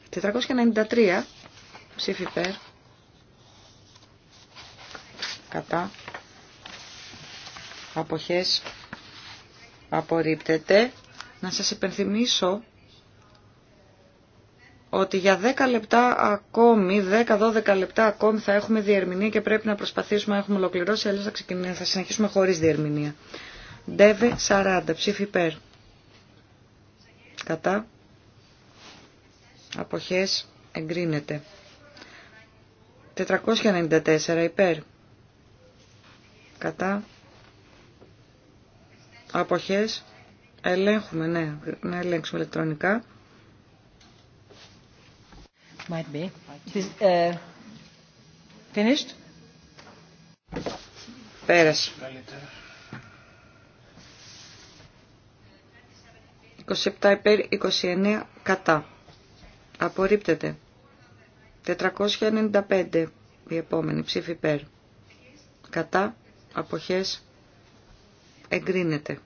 «493 ψήφι υπέρ, κατά, αποχές, απορρίπτεται». Να σας υπενθυμίσω ότι για 10 λεπτά ακόμη, 10-12 λεπτά ακόμη θα έχουμε διερμηνία και πρέπει να προσπαθήσουμε να έχουμε ολοκληρώσει, αλλιώς θα, θα συνεχίσουμε χωρίς διερμηνία. Ντέβε 40, ψήφι υπέρ. Κατά. Αποχές εγκρίνεται. 494 υπέρ. Κατά. Αποχές ελέγχουμε, ναι, να ελέγξουμε ηλεκτρονικά. Might be. 27 uh, υπέρ 29 κατά. Απορρίπτεται. 495 η επόμενη ψήφι υπέρ. Κατά. Αποχές. Εγκρίνεται.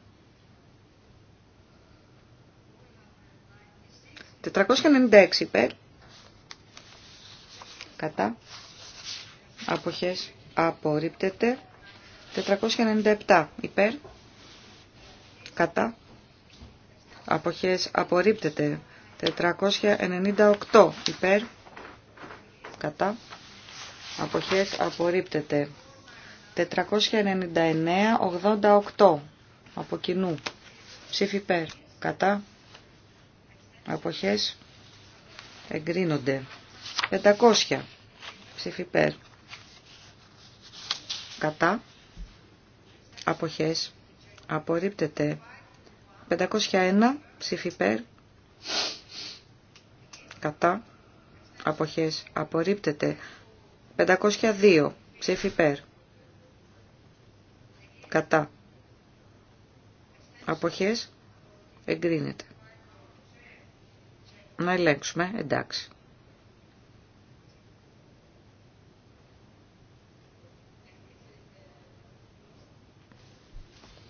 496 υπέρ κατά αποχές απορρίπτεται 497 υπέρ κατά αποχές απορρίπτεται 498 υπέρ κατά αποχές απορρίπτεται 499-88 από κοινού ψήφι υπέρ κατά αποχές εγκρίνονται 500 ψηφιπέρ Κατά. Αποχές. Απορρίπτεται. 501 ψηφιπέρ Κατά. Αποχές. Απορρίπτεται. 502 ψηφιπέρ Κατά. Αποχές. Εγκρίνεται. Να ελέγξουμε. Εντάξει.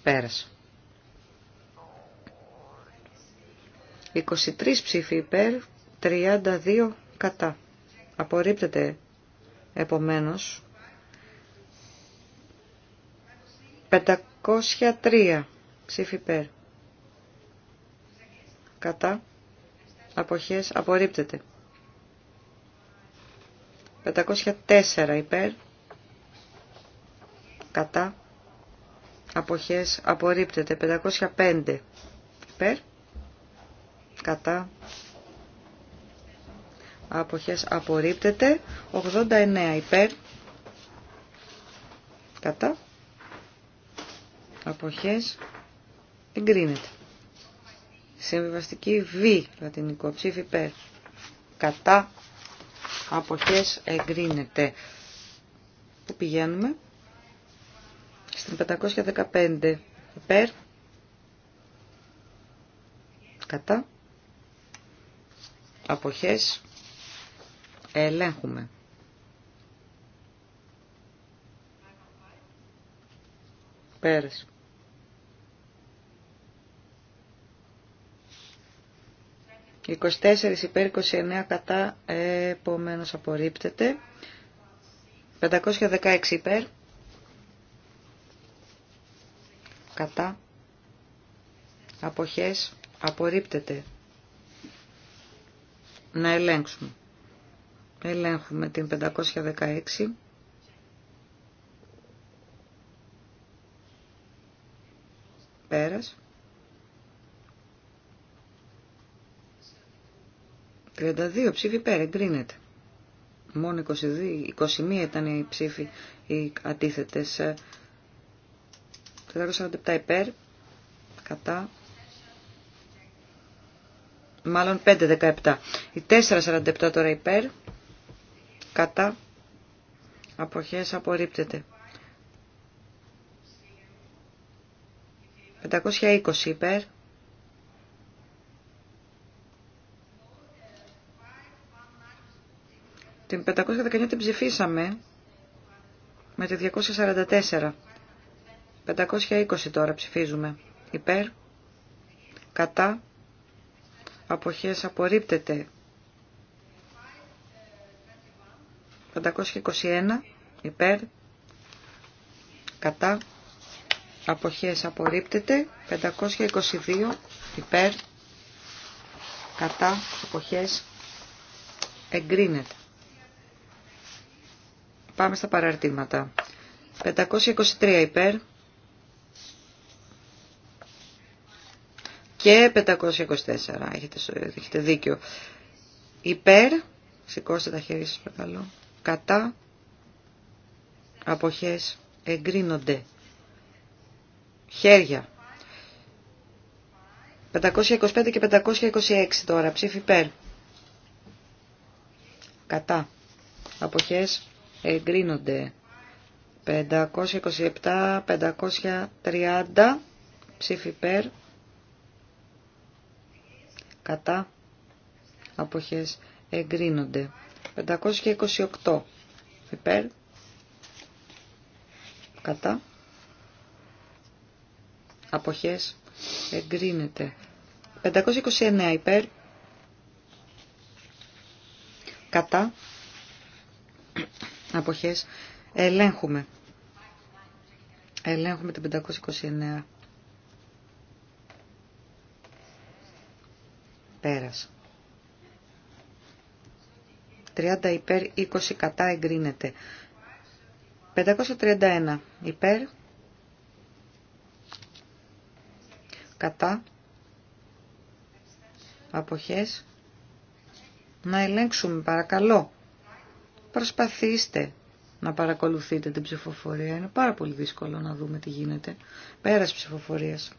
Πέρασε. 23 ψήφοι υπέρ, 32 κατά. Απορρίπτεται επομένως 503 ψήφοι υπέρ. Κατά. Αποχές απορρίπτεται. 504 υπέρ. Κατά αποχές απορρίπτεται 505 υπέρ κατά αποχές απορρίπτεται 89 υπέρ κατά αποχές εγκρίνεται συμβιβαστική β λατινικό ψήφι υπέρ κατά αποχές εγκρίνεται που πηγαίνουμε στην 515 υπέρ κατά αποχές ελέγχουμε. Πέρες. 24 υπέρ 29 κατά, επομένως απορρίπτεται. 516 υπέρ, κατά αποχές απορρίπτεται. Να ελέγξουμε. Ελέγχουμε την 516. Πέρας. 32 ψήφοι πέρα, εγκρίνεται. Μόνο 22, 21 ήταν οι ψήφοι οι αντίθετες. Ε, 447 υπέρ, κατά, μάλλον 517. Η 447 τώρα υπέρ, κατά, αποχές απορρίπτεται. 520 υπέρ, Την 519 την ψηφίσαμε με τη 244. 520 τώρα ψηφίζουμε. Υπέρ. Κατά. Αποχές απορρίπτεται. 521. Υπέρ. Κατά. Αποχές απορρίπτεται. 522. Υπέρ. Κατά. Αποχές εγκρίνεται. Πάμε στα παραρτήματα. 523 υπέρ. και 524. Έχετε, δίκιο. Υπέρ, σηκώστε τα χέρια σας παρακαλώ, κατά, αποχές, εγκρίνονται. Χέρια. 525 και 526 τώρα, ψήφι υπέρ. Κατά. Αποχές εγκρίνονται. 527, 530, ψήφι υπέρ κατά αποχές εγκρίνονται. 528 υπέρ κατά αποχές εγκρίνεται. 529 υπέρ κατά αποχές ελέγχουμε. Ελέγχουμε την 529. 30 υπέρ, 20 κατά εγκρίνεται. 531 υπέρ, κατά, αποχές. Να ελέγξουμε παρακαλώ. Προσπαθήστε να παρακολουθείτε την ψηφοφορία. Είναι πάρα πολύ δύσκολο να δούμε τι γίνεται. Πέρας ψηφοφορίας.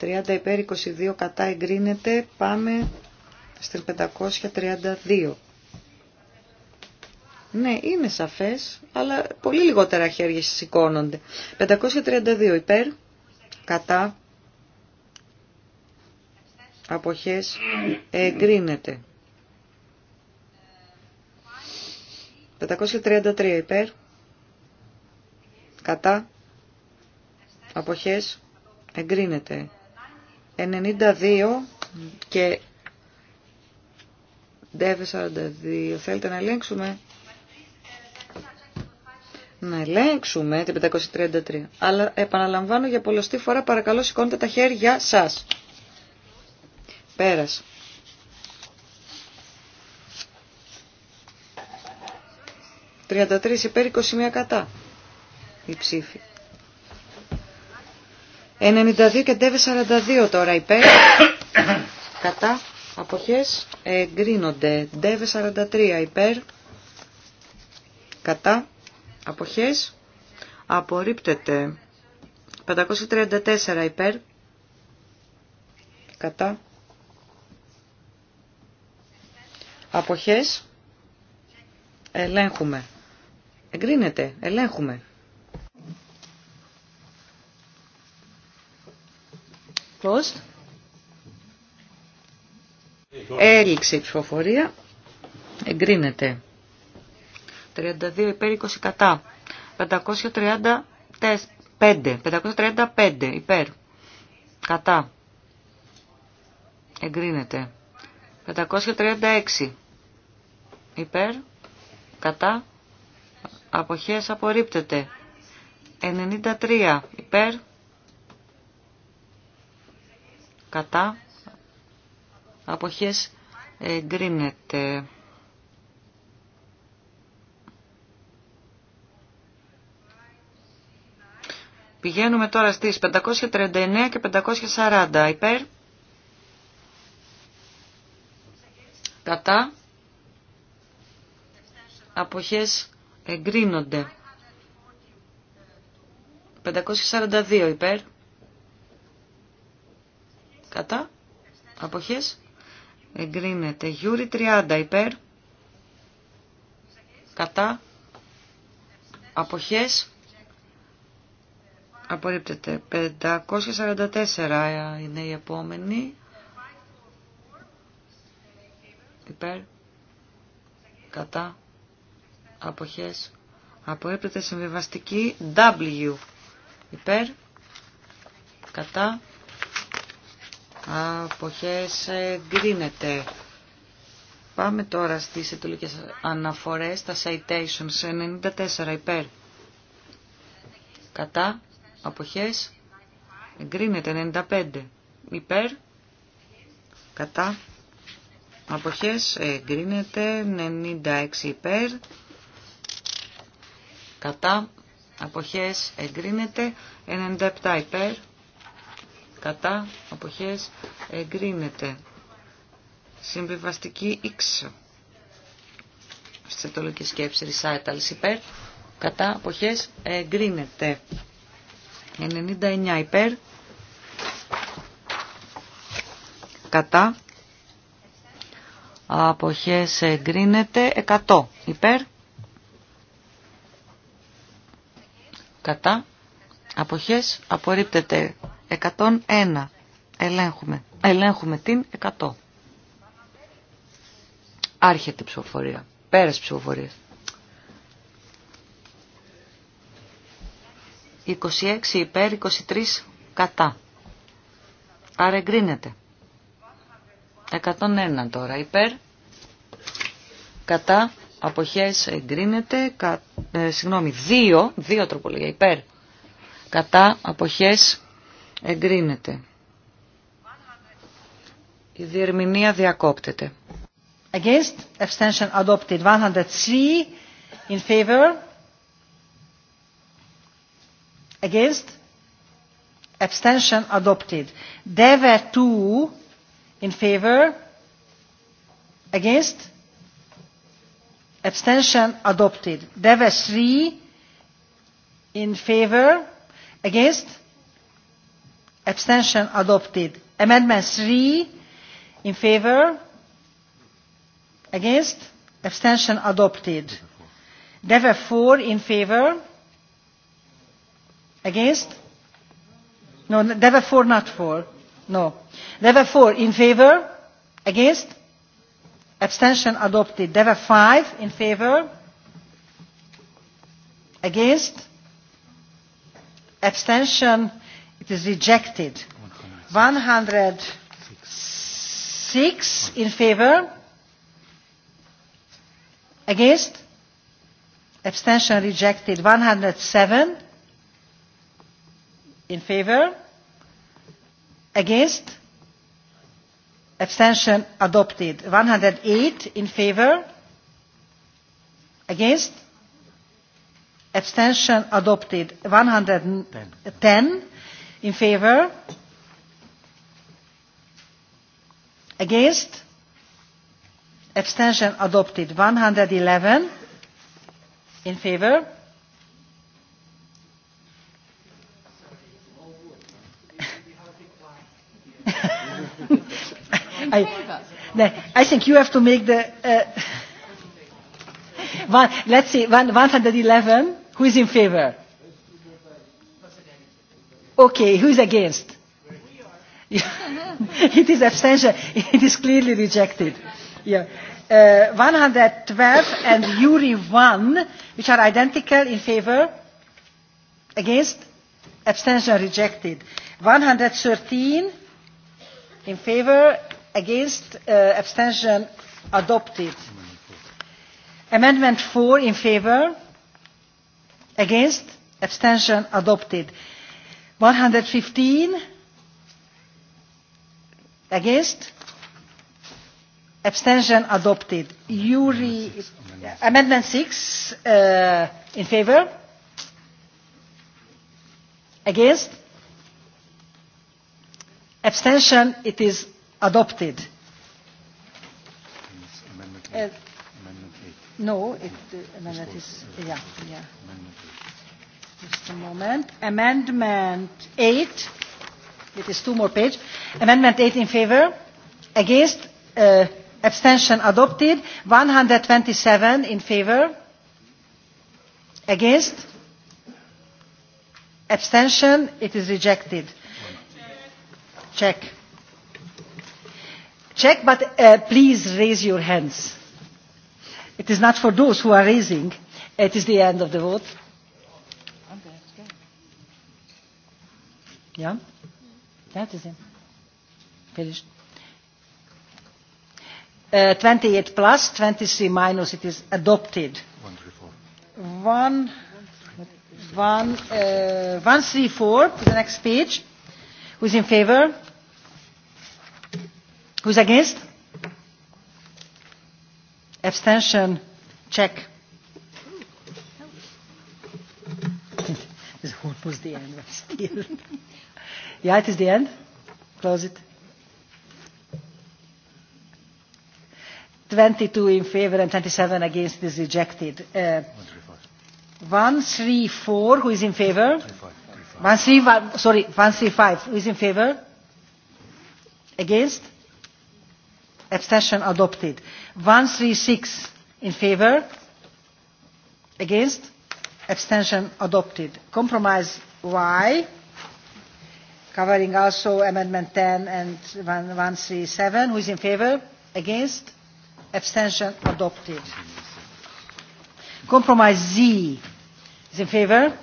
30 υπέρ 22 κατά εγκρίνεται. Πάμε στην 532. Ναι, είναι σαφές, αλλά πολύ λιγότερα χέρια σηκώνονται. 532 υπέρ, κατά, αποχές, εγκρίνεται. 533 υπέρ, κατά, αποχές, εγκρίνεται. 92 και 42 Θέλετε να ελέγξουμε. Να ελέγξουμε την 533. Αλλά επαναλαμβάνω για πολλωστή φορά παρακαλώ σηκώνετε τα χέρια σας. Πέρασε. «33 υπέρ 21 κατά» η ψήφη. 92 και ντεβε 42 τώρα υπέρ. Κατά. Αποχές εγκρίνονται. Ντεβε 43 υπέρ. Κατά. Αποχές απορρίπτεται. 534 υπέρ. Κατά. Αποχές. Ελέγχουμε. Εγκρίνεται. Ελέγχουμε. Πώς ε, Έληξε η ψηφοφορία. Εγκρίνεται. 32 υπέρ 20 κατά. 535. 535 υπέρ. Κατά. Εγκρίνεται. 536 υπέρ. Κατά. Αποχές απορρίπτεται. 93 υπέρ κατά αποχές εγκρίνεται. Πηγαίνουμε τώρα στις 539 και 540 υπέρ. Κατά. Αποχές εγκρίνονται. 542 υπέρ. Κατά. Αποχές. Εγκρίνεται. Γιούρι 30 υπέρ. Κατά. Αποχές. Απορρίπτεται. 544 είναι η επόμενη. Υπέρ. Κατά. Αποχές. Απορρίπτεται συμβιβαστική W. Υπέρ. Κατά αποχές εγκρίνεται. Πάμε τώρα στις ετουλικές αναφορές, τα citations, 94 υπέρ. Κατά, αποχές, εγκρίνεται, 95 υπέρ. Κατά, αποχές, εγκρίνεται, 96 υπέρ. Κατά, αποχές, εγκρίνεται, 97 υπέρ κατά αποχές εγκρίνεται. Συμβιβαστική X στις ετολικές σκέψεις recitals υπέρ κατά αποχές εγκρίνεται. 99 υπέρ κατά αποχές εγκρίνεται 100 υπέρ κατά αποχές απορρίπτεται 101. Ελέγχουμε. Ελέγχουμε την 100. Άρχεται η ψηφοφορία. Πέρας ψηφοφορίας. 26 υπέρ, 23 κατά. Άρα εγκρίνεται. 101 τώρα υπέρ. Κατά. Αποχές εγκρίνεται. Κα, ε, συγγνώμη, 2. 2 τροπολογία υπέρ. Κατά. Αποχές Εγκρίνεται. Η διερμηνία διακόπτεται. Against, abstention adopted. 103 in favor. Against, abstention adopted. Deve 2 in favor. Against, abstention adopted. Deve 3 in favor. Against, abstention adopted amendment 3 in favor against abstention adopted Deva 4 in favor against no Deva 4 not 4 no Deva 4 in favor against abstention adopted Deva 5 in favor against abstention is rejected. 106 in favor. Against. Abstention rejected. 107 in favor. Against. Abstention adopted. 108 in favor. Against. Abstention adopted. 110 in favor against abstention adopted 111 in favor I, I think you have to make the uh, one, let's see 111 who is in favor Okay, who is against? It is abstention. It is clearly rejected. Yeah. 112 and URI 1, which are identical in favor, against, abstention rejected. 113 in favor, against, abstention adopted. Amendment 4 in favor, against, abstention adopted. 115 against abstention adopted Yuri amendment 6 in favor against abstention it is adopted no it amendment is yeah yeah Just moment. Amendment 8. It is two more pages. Amendment 8 in favor. Against. Abstention adopted. 127 in favor. Against. Abstention. It is rejected. Check. Check, but please raise your hands. It is not for those who are raising. It is the end of the vote. Ja? That is it. Finished. 28 plus, 23 minus, it is adopted. 134 One, one, to the next page. Who is in favor? Who is against? Abstention. Check. It's almost the end. Still. Yeah, it is the end. Close it. 22 in favor and 27 against is rejected. Uh, 134, who is in favor? 135, sorry, 135, who is in favor? Against? Abstention adopted. 136 in favor? Against? Abstention adopted. Compromise Y covering also amendment 10 and 137. Who is in favor? Against? Abstention adopted. Compromise Z is in favor?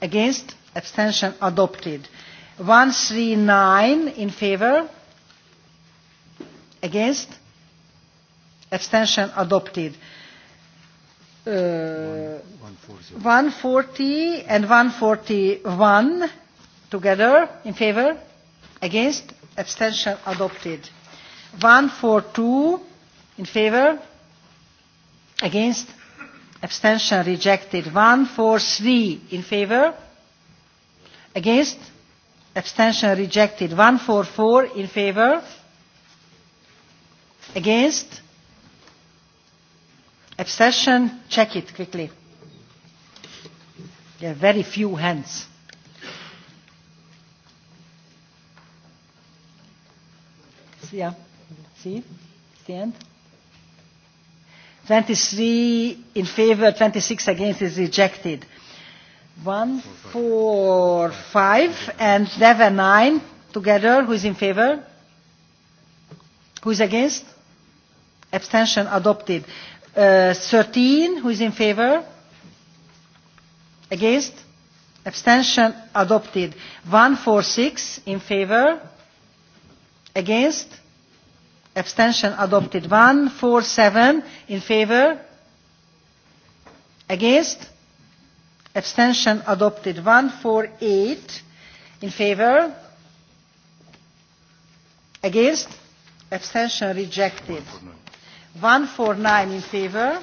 Against? Abstention adopted. 139 in favor? Against? Abstention adopted. 140 and 141 together in favor against abstention adopted 142 in favor against abstention rejected 143 in favor against abstention rejected 144 in favor against abstention check it quickly there are very few hands yeah, see, it's 23 in favor, 26 against is rejected. 1, 4, 5 and 7, 9 together. Who is in favor? Who is against? Abstention adopted. 13, who is in favor? Against? Abstention adopted. 1, 4, 6 in favor? Against? abstention adopted 147 in favor against abstention adopted 148, in favor against abstention rejected 149 in favor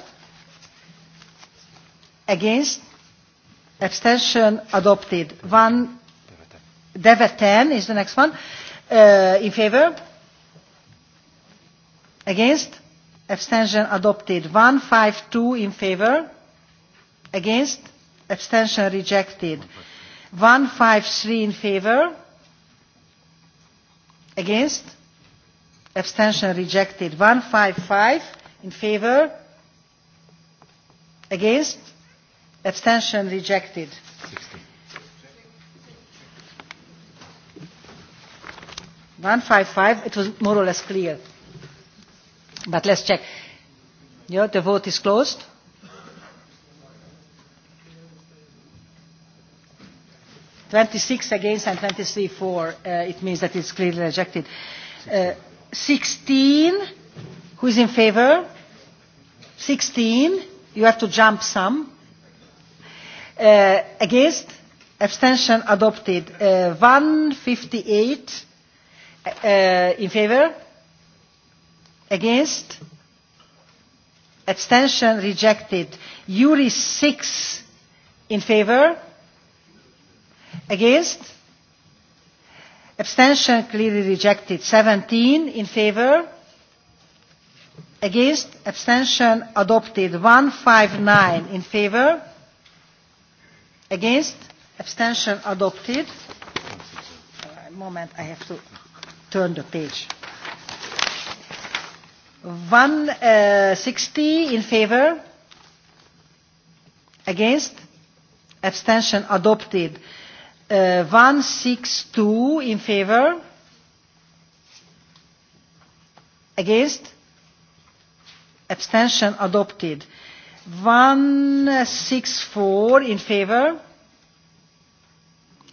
against abstention adopted 1 Deva 10 is the next one in favor Against? Abstention adopted. 152 in favour, Against? Abstention rejected. 153 in favour, Against? Abstention rejected. 155 in favour, Against? Abstention rejected. One five five. It was more or less clear. But let's check. the vote is closed. Twenty six against and twenty three for. It means that it's clearly rejected. Sixteen. Who is in favor? Sixteen. You have to jump some. Against. Abstention adopted. One fifty eight. In favor Against? Abstention rejected. URI 6 in favor? Against? Abstention clearly rejected. 17 in favor? Against? Abstention adopted. 159 in favor? Against? Abstention adopted. Moment, I have to turn the page. 160 in favor against abstention adopted 162 in favor against abstention adopted 164 in favor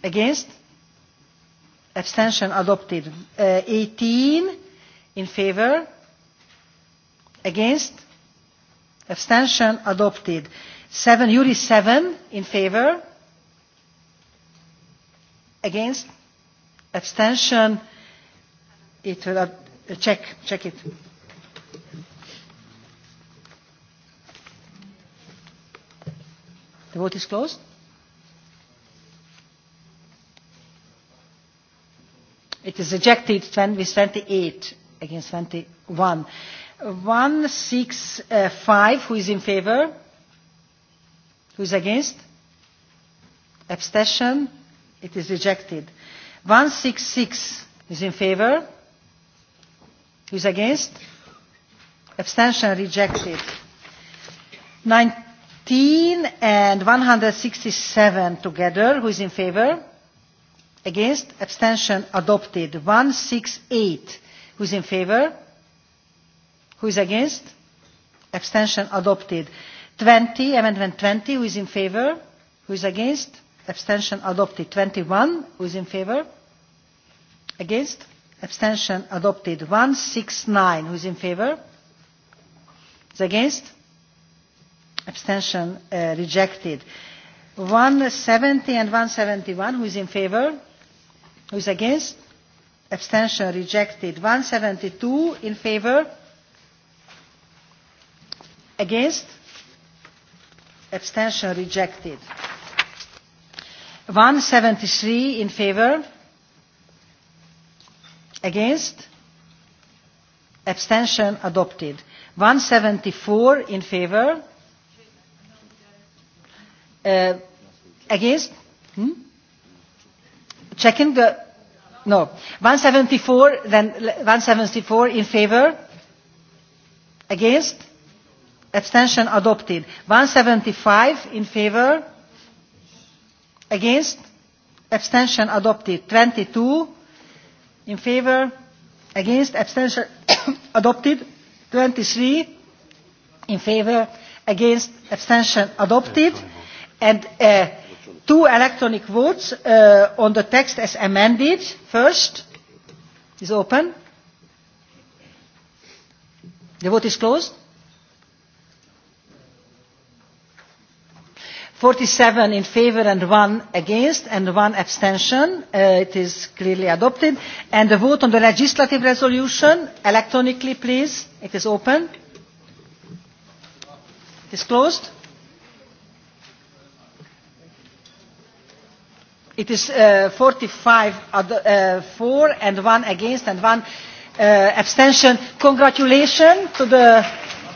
against abstention adopted 18 in favor Against? Abstention adopted. 7 Yuri, 7 in favor. Against? Abstention. It will check. Check it. The vote is closed. It is rejected with 28 against 21. 165 who is in favor who is against abstention it is rejected 166 is in favor who is against abstention rejected 19 and 167 together who is in favor against abstention adopted 168 who is in favor Who is against? Abstention adopted. 20, amendment 20, who is in favor? Who is against? Abstention adopted. 21, who is in favor? Against? Abstention adopted. 169, who is in favor? Is against? Abstention rejected. 170 and 171, who is in favor? Who is against? Abstention rejected. 172 in favor? Against? Abstention rejected. 173 in favor. Against? Abstention adopted. 174 in favor. Against? Checking the. No. 174, then 174 in favor. Against? abstention adopted 175 in favor against abstention adopted 22 in favor against abstention adopted 23 in favor against abstention adopted and two electronic votes on the text as amended first is open the vote is closed 47 in favour and 1 against and 1 abstention. It is clearly adopted. And the vote on the legislative resolution, electronically please. It is open. It is closed. It is 45 for and 1 against and 1 abstention. Congratulations to the